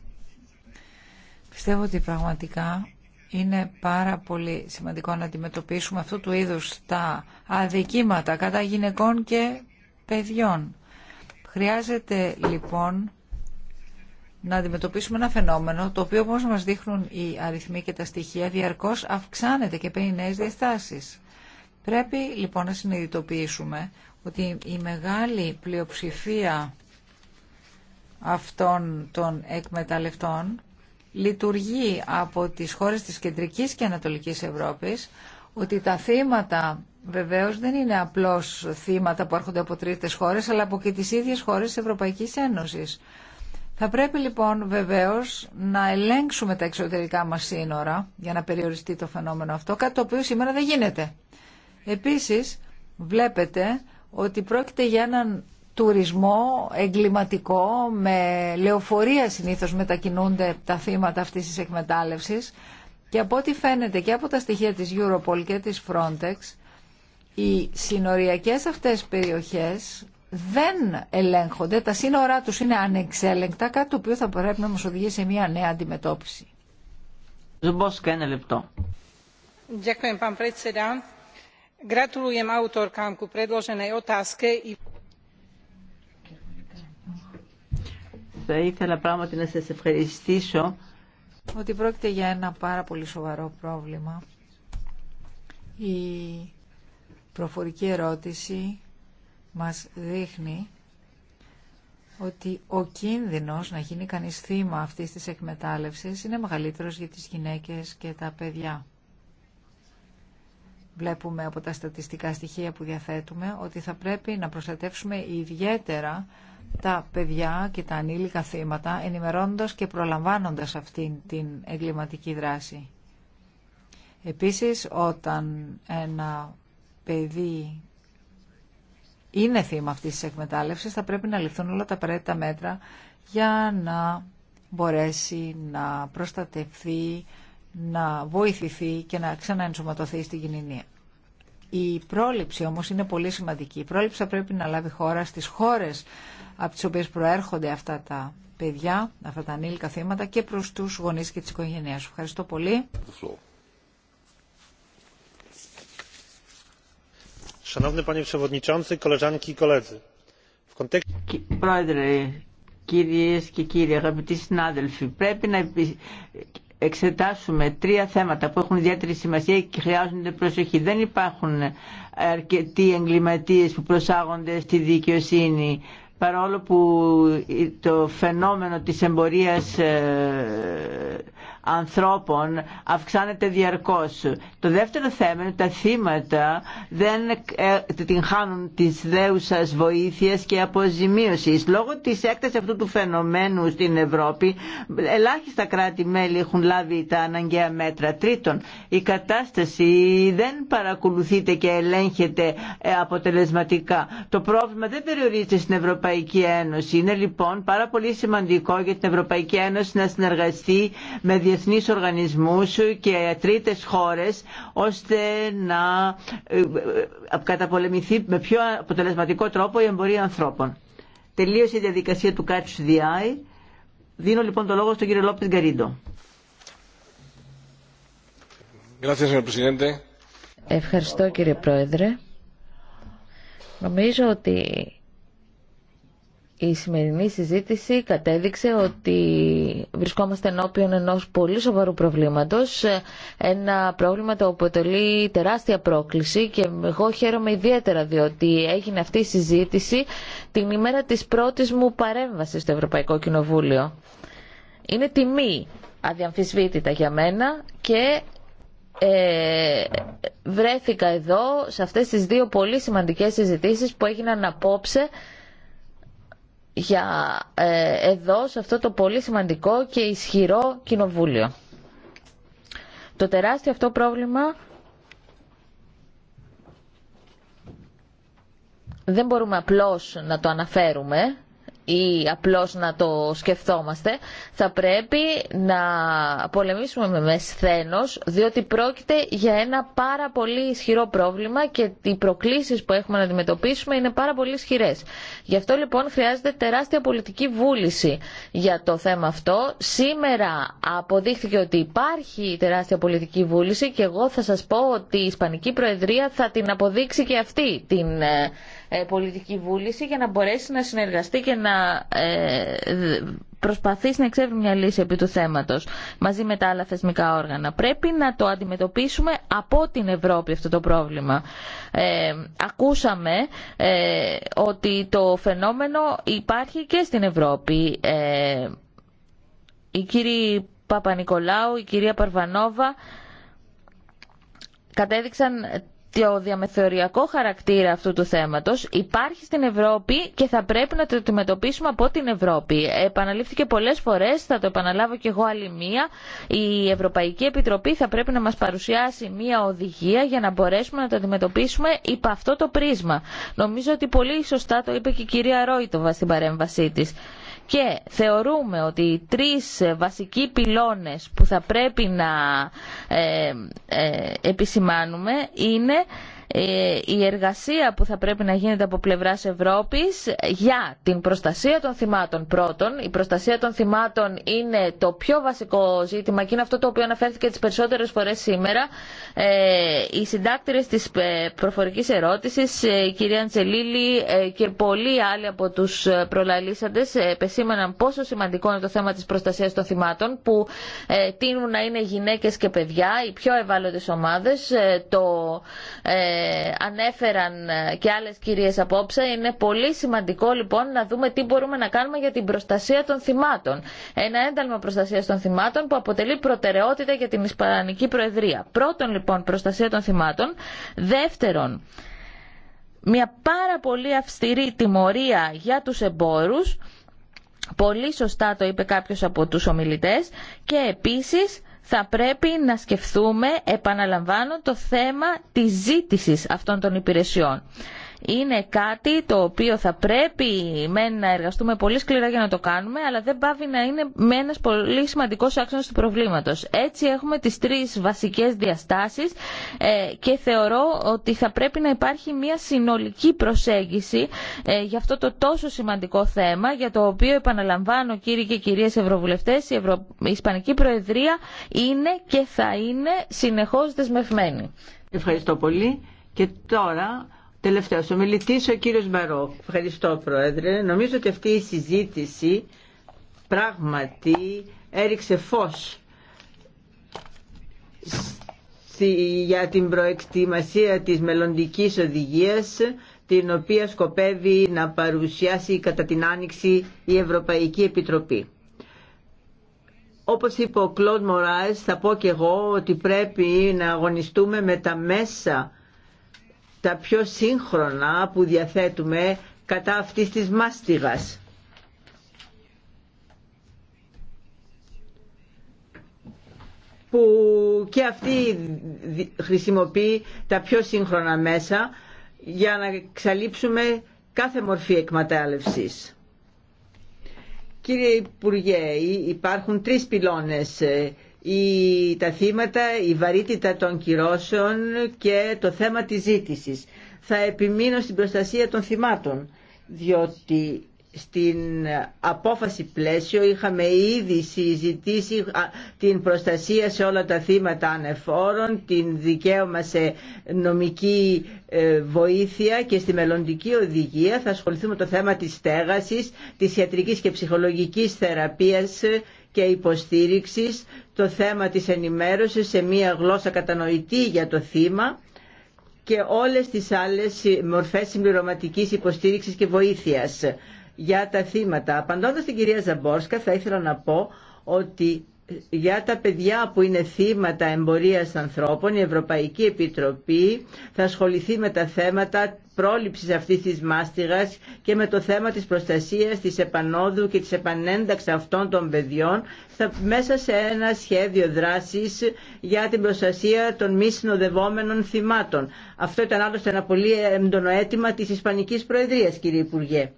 Πιστεύω ότι πραγματικά είναι πάρα πολύ σημαντικό να αντιμετωπίσουμε αυτού του είδους τα αδικήματα κατά γυναικών και παιδιών. Χρειάζεται λοιπόν να αντιμετωπίσουμε ένα φαινόμενο το οποίο όπως μας δείχνουν οι αριθμοί και τα στοιχεία διαρκώς αυξάνεται και παίρνει νέες διαστάσεις. Πρέπει λοιπόν να συνειδητοποιήσουμε ότι η μεγάλη πλειοψηφία αυτών των εκμεταλλευτών λειτουργεί από τις χώρες της κεντρικής και ανατολικής Ευρώπης ότι τα θύματα βεβαίως δεν είναι απλώς θύματα που έρχονται από τρίτες χώρες αλλά από και τις ίδιες χώρες της Ευρωπαϊκής Ένωσης. Θα πρέπει λοιπόν βεβαίως να ελέγξουμε τα εξωτερικά μας σύνορα για να περιοριστεί το φαινόμενο αυτό, κάτι το οποίο σήμερα δεν γίνεται. Επίσης βλέπετε ότι πρόκειται για έναν τουρισμό εγκληματικό με λεωφορεία συνήθως μετακινούνται τα θύματα αυτής της εκμετάλλευσης και από ό,τι φαίνεται και από τα στοιχεία της Europol και της Frontex οι συνοριακές αυτές περιοχές δεν ελέγχονται, τα σύνορά τους είναι ανεξέλεγκτα, κάτι το οποίο θα πρέπει να μας οδηγήσει σε μια νέα αντιμετώπιση. Θα ήθελα πράγματι να σας ευχαριστήσω ότι πρόκειται για ένα πάρα πολύ σοβαρό πρόβλημα. Η προφορική ερώτηση μας δείχνει ότι ο κίνδυνος να γίνει κανείς θύμα αυτής της εκμετάλλευσης είναι μεγαλύτερος για τις γυναίκες και τα παιδιά. Βλέπουμε από τα στατιστικά στοιχεία που διαθέτουμε ότι θα πρέπει να προστατεύσουμε ιδιαίτερα τα παιδιά και τα ανήλικα θύματα, ενημερώνοντας και προλαμβάνοντας αυτήν την εγκληματική δράση. Επίσης, όταν ένα παιδί είναι θύμα αυτής τη εκμετάλλευση. θα πρέπει να ληφθούν όλα τα απαραίτητα μέτρα για να μπορέσει να προστατευθεί, να βοηθηθεί και να ξαναενσωματωθεί στην κοινωνία. Η πρόληψη όμως είναι πολύ σημαντική. Η πρόληψη θα πρέπει να λάβει χώρα στις χώρες από τις οποίες προέρχονται αυτά τα παιδιά, αυτά τα ανήλικα θύματα και προς τους γονείς και τις οικογένειές. Ευχαριστώ πολύ. Πρόεδρε, κυρίες και κύριοι, αγαπητοί συνάδελφοι, πρέπει να εξετάσουμε τρία θέματα που έχουν ιδιαίτερη σημασία και χρειάζονται προσοχή. Δεν υπάρχουν αρκετοί εγκληματίε που προσάγονται στη δικαιοσύνη παρόλο που το φαινόμενο της εμπορίας ε, ανθρώπων αυξάνεται διαρκώς. Το δεύτερο θέμα είναι τα θύματα δεν ε, την χάνουν της δέουσας βοήθειας και αποζημίωσης. Λόγω της έκτασης αυτού του φαινομένου στην Ευρώπη, ελάχιστα κράτη-μέλη έχουν λάβει τα αναγκαία μέτρα. Τρίτον, η κατάσταση δεν παρακολουθείται και ελέγχεται ε, αποτελεσματικά. Το πρόβλημα δεν περιορίζεται στην Ευρωπαϊκή Ένωση. Είναι λοιπόν πάρα πολύ σημαντικό για την Ευρωπαϊκή Ένωση να συνεργαστεί με διεθνείς οργανισμούς και τρίτες χώρες ώστε να ε, ε, καταπολεμηθεί με πιο αποτελεσματικό τρόπο η εμπορία ανθρώπων. Τελείωσε η διαδικασία του Catch the Δίνω λοιπόν το λόγο στον κύριο Λόπτης Γκαρίντο. Ευχαριστώ κύριε Πρόεδρε. Νομίζω ότι η σημερινή συζήτηση κατέδειξε ότι βρισκόμαστε ενώπιον ενός πολύ σοβαρού προβλήματος, ένα πρόβλημα το οποίο αποτελεί τεράστια πρόκληση και εγώ χαίρομαι ιδιαίτερα διότι έγινε αυτή η συζήτηση την ημέρα της πρώτης μου παρέμβασης στο Ευρωπαϊκό Κοινοβούλιο. Είναι τιμή αδιαμφισβήτητα για μένα και ε, βρέθηκα εδώ σε αυτές τις δύο πολύ σημαντικές συζητήσεις που έγιναν απόψε για ε, εδώ σε αυτό το πολύ σημαντικό και ισχυρό κοινοβούλιο. Το τεράστιο αυτό πρόβλημα δεν μπορούμε απλώς να το αναφέρουμε ή απλώς να το σκεφτόμαστε, θα πρέπει να πολεμήσουμε με σθένος, διότι πρόκειται για ένα πάρα πολύ ισχυρό πρόβλημα και οι προκλήσεις που έχουμε να αντιμετωπίσουμε είναι πάρα πολύ ισχυρέ. Γι' αυτό λοιπόν χρειάζεται τεράστια πολιτική βούληση για το θέμα αυτό. Σήμερα αποδείχθηκε ότι υπάρχει τεράστια πολιτική βούληση και εγώ θα σας πω ότι η Ισπανική Προεδρία θα την αποδείξει και αυτή την ε, ε, πολιτική βούληση για να μπορέσει να συνεργαστεί και να ε, προσπαθήσει να εξεύρει μια λύση επί του θέματος μαζί με τα άλλα θεσμικά όργανα. Πρέπει να το αντιμετωπίσουμε από την Ευρώπη αυτό το πρόβλημα. Ε, ακούσαμε ότι το φαινόμενο υπάρχει και στην Ευρώπη. Ε, οι κύριοι Παπα-Νικολάου, η κυρία Παρβανόβα κατέδειξαν το διαμεθοριακό χαρακτήρα αυτού του θέματος υπάρχει στην Ευρώπη και θα πρέπει να το αντιμετωπίσουμε από την Ευρώπη. Επαναλήφθηκε πολλές φορές, θα το επαναλάβω και εγώ άλλη μία, η Ευρωπαϊκή Επιτροπή θα πρέπει να μας παρουσιάσει μία οδηγία για να μπορέσουμε να το αντιμετωπίσουμε υπό αυτό το πρίσμα. Νομίζω ότι πολύ σωστά το είπε και η κυρία Ρόιτοβα στην παρέμβασή της. Και θεωρούμε ότι οι τρεις βασικοί πυλώνες που θα πρέπει να ε, ε, επισημάνουμε είναι ε, η εργασία που θα πρέπει να γίνεται από πλευρά Ευρώπη για την προστασία των θυμάτων πρώτον. Η προστασία των θυμάτων είναι το πιο βασικό ζήτημα και είναι αυτό το οποίο αναφέρθηκε τι περισσότερε φορέ σήμερα. Ε, οι συντάκτηρε της ε, προφορική ερώτηση, η κυρία Αντζελίλη και πολλοί άλλοι από τους προλαλήσαντες επεσήμαναν πόσο σημαντικό είναι το θέμα τη προστασία των θυμάτων που τείνουν να είναι γυναίκε και παιδιά, οι πιο ευάλωτε ομάδες, το ανέφεραν ε, και άλλες κυρίες απόψε. Είναι πολύ σημαντικό λοιπόν να δούμε τι μπορούμε να κάνουμε για την προστασία των θυμάτων. Ένα ένταλμα προστασίας των θυμάτων που αποτελεί προτεραιότητα για την Ισπανική Προεδρία. Πρώτον λοιπόν προστασία των θυμάτων. Δεύτερον, μια πάρα πολύ αυστηρή τιμωρία για τους εμπόρους. Πολύ σωστά το είπε κάποιος από τους ομιλητές. Και επίσης θα πρέπει να σκεφτούμε, επαναλαμβάνω, το θέμα της ζήτησης αυτών των υπηρεσιών είναι κάτι το οποίο θα πρέπει μεν να εργαστούμε πολύ σκληρά για να το κάνουμε, αλλά δεν πάβει να είναι με ένας πολύ σημαντικός άξονας του προβλήματος. Έτσι έχουμε τις τρεις βασικές διαστάσεις ε, και θεωρώ ότι θα πρέπει να υπάρχει μια συνολική προσέγγιση ε, για αυτό το τόσο σημαντικό θέμα, για το οποίο επαναλαμβάνω κύριοι και κυρίες Ευρωβουλευτές, η, η Ισπανική Προεδρία είναι και θα είναι συνεχώς δεσμευμένη. Ευχαριστώ πολύ. Και τώρα Τελευταίο ο ο κύριο Μπαρό. Ευχαριστώ Πρόεδρε. Νομίζω ότι αυτή η συζήτηση πράγματι έριξε φω για την προεκτιμασία της μελλοντικής οδηγίας την οποία σκοπεύει να παρουσιάσει κατά την Άνοιξη η Ευρωπαϊκή Επιτροπή. Όπως είπε ο Κλοντ Μωράς, θα πω και εγώ ότι πρέπει να αγωνιστούμε με τα μέσα τα πιο σύγχρονα που διαθέτουμε κατά αυτής της μάστιγας. που και αυτή χρησιμοποιεί τα πιο σύγχρονα μέσα για να εξαλείψουμε κάθε μορφή εκμετάλλευσης. Κύριε Υπουργέ, υπάρχουν τρεις πυλώνες ε, η, τα θύματα, η βαρύτητα των κυρώσεων και το θέμα της ζήτησης. Θα επιμείνω στην προστασία των θυμάτων, διότι στην απόφαση πλαίσιο είχαμε ήδη συζητήσει την προστασία σε όλα τα θύματα ανεφόρων, την δικαίωμα σε νομική ε, βοήθεια και στη μελλοντική οδηγία θα ασχοληθούμε το θέμα της στέγασης, της ιατρικής και ψυχολογικής θεραπείας και υποστήριξης, το θέμα της ενημέρωσης σε μία γλώσσα κατανοητή για το θύμα και όλες τις άλλες μορφές συμπληρωματικής υποστήριξης και βοήθειας για τα θύματα. Απαντώντας την κυρία Ζαμπόρσκα θα ήθελα να πω ότι για τα παιδιά που είναι θύματα εμπορίας ανθρώπων, η Ευρωπαϊκή Επιτροπή θα ασχοληθεί με τα θέματα πρόληψης αυτής της μάστιγας και με το θέμα της προστασίας της επανόδου και της επανένταξης αυτών των παιδιών θα, μέσα σε ένα σχέδιο δράσης για την προστασία των μη συνοδευόμενων θυμάτων. Αυτό ήταν άλλωστε ένα πολύ έντονο αίτημα της Ισπανικής Προεδρίας, κύριε Υπουργέ.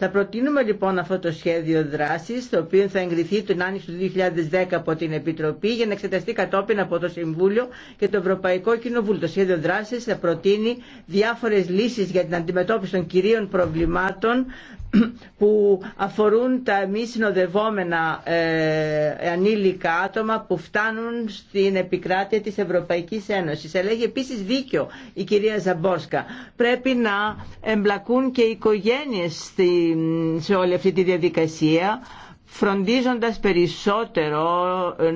Θα προτείνουμε λοιπόν αυτό το σχέδιο δράση, το οποίο θα εγκριθεί τον Άνοιξη του 2010 από την Επιτροπή για να εξεταστεί κατόπιν από το Συμβούλιο και το Ευρωπαϊκό Κοινοβούλιο. Το σχέδιο δράση θα προτείνει διάφορε λύσει για την αντιμετώπιση των κυρίων προβλημάτων που αφορούν τα μη συνοδευόμενα ε, ανήλικα άτομα που φτάνουν στην επικράτεια της Ευρωπαϊκής Ένωσης. Ελέγει επίσης δίκιο η κυρία Ζαμπόσκα. Πρέπει να εμπλακούν και οι οικογένειες στη σε όλη αυτή τη διαδικασία φροντίζοντας περισσότερο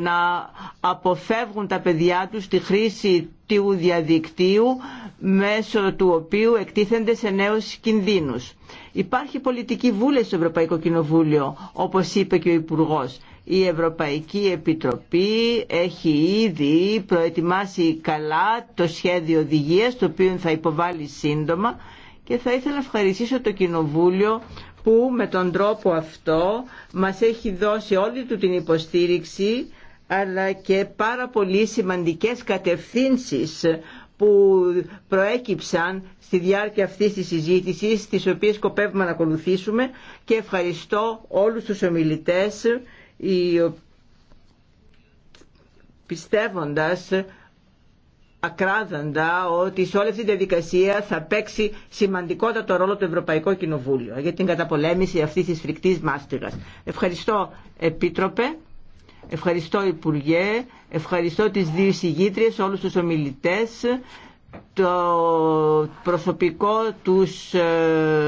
να αποφεύγουν τα παιδιά τους τη χρήση του διαδικτύου μέσω του οποίου εκτίθενται σε νέους κινδύνους. Υπάρχει πολιτική βούληση στο Ευρωπαϊκό Κοινοβούλιο, όπως είπε και ο Υπουργός. Η Ευρωπαϊκή Επιτροπή έχει ήδη προετοιμάσει καλά το σχέδιο οδηγίας, το οποίο θα υποβάλει σύντομα και θα ήθελα να ευχαριστήσω το Κοινοβούλιο που με τον τρόπο αυτό μας έχει δώσει όλη του την υποστήριξη αλλά και πάρα πολύ σημαντικές κατευθύνσεις που προέκυψαν στη διάρκεια αυτής της συζήτησης τις οποίες σκοπεύουμε να ακολουθήσουμε και ευχαριστώ όλους τους ομιλητές πιστεύοντας ακράδαντα ότι σε όλη αυτή τη διαδικασία θα παίξει σημαντικότατο ρόλο το Ευρωπαϊκό Κοινοβούλιο για την καταπολέμηση αυτής της φρικτής μάστιγας. Ευχαριστώ Επίτροπε, ευχαριστώ Υπουργέ, ευχαριστώ τις δύο συγγήτριες, όλους τους ομιλητές, το προσωπικό τους ε,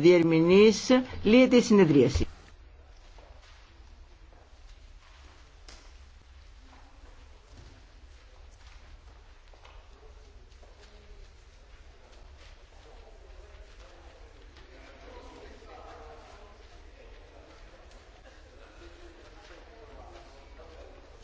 διερμηνείς, λύεται η συνεδρίαση.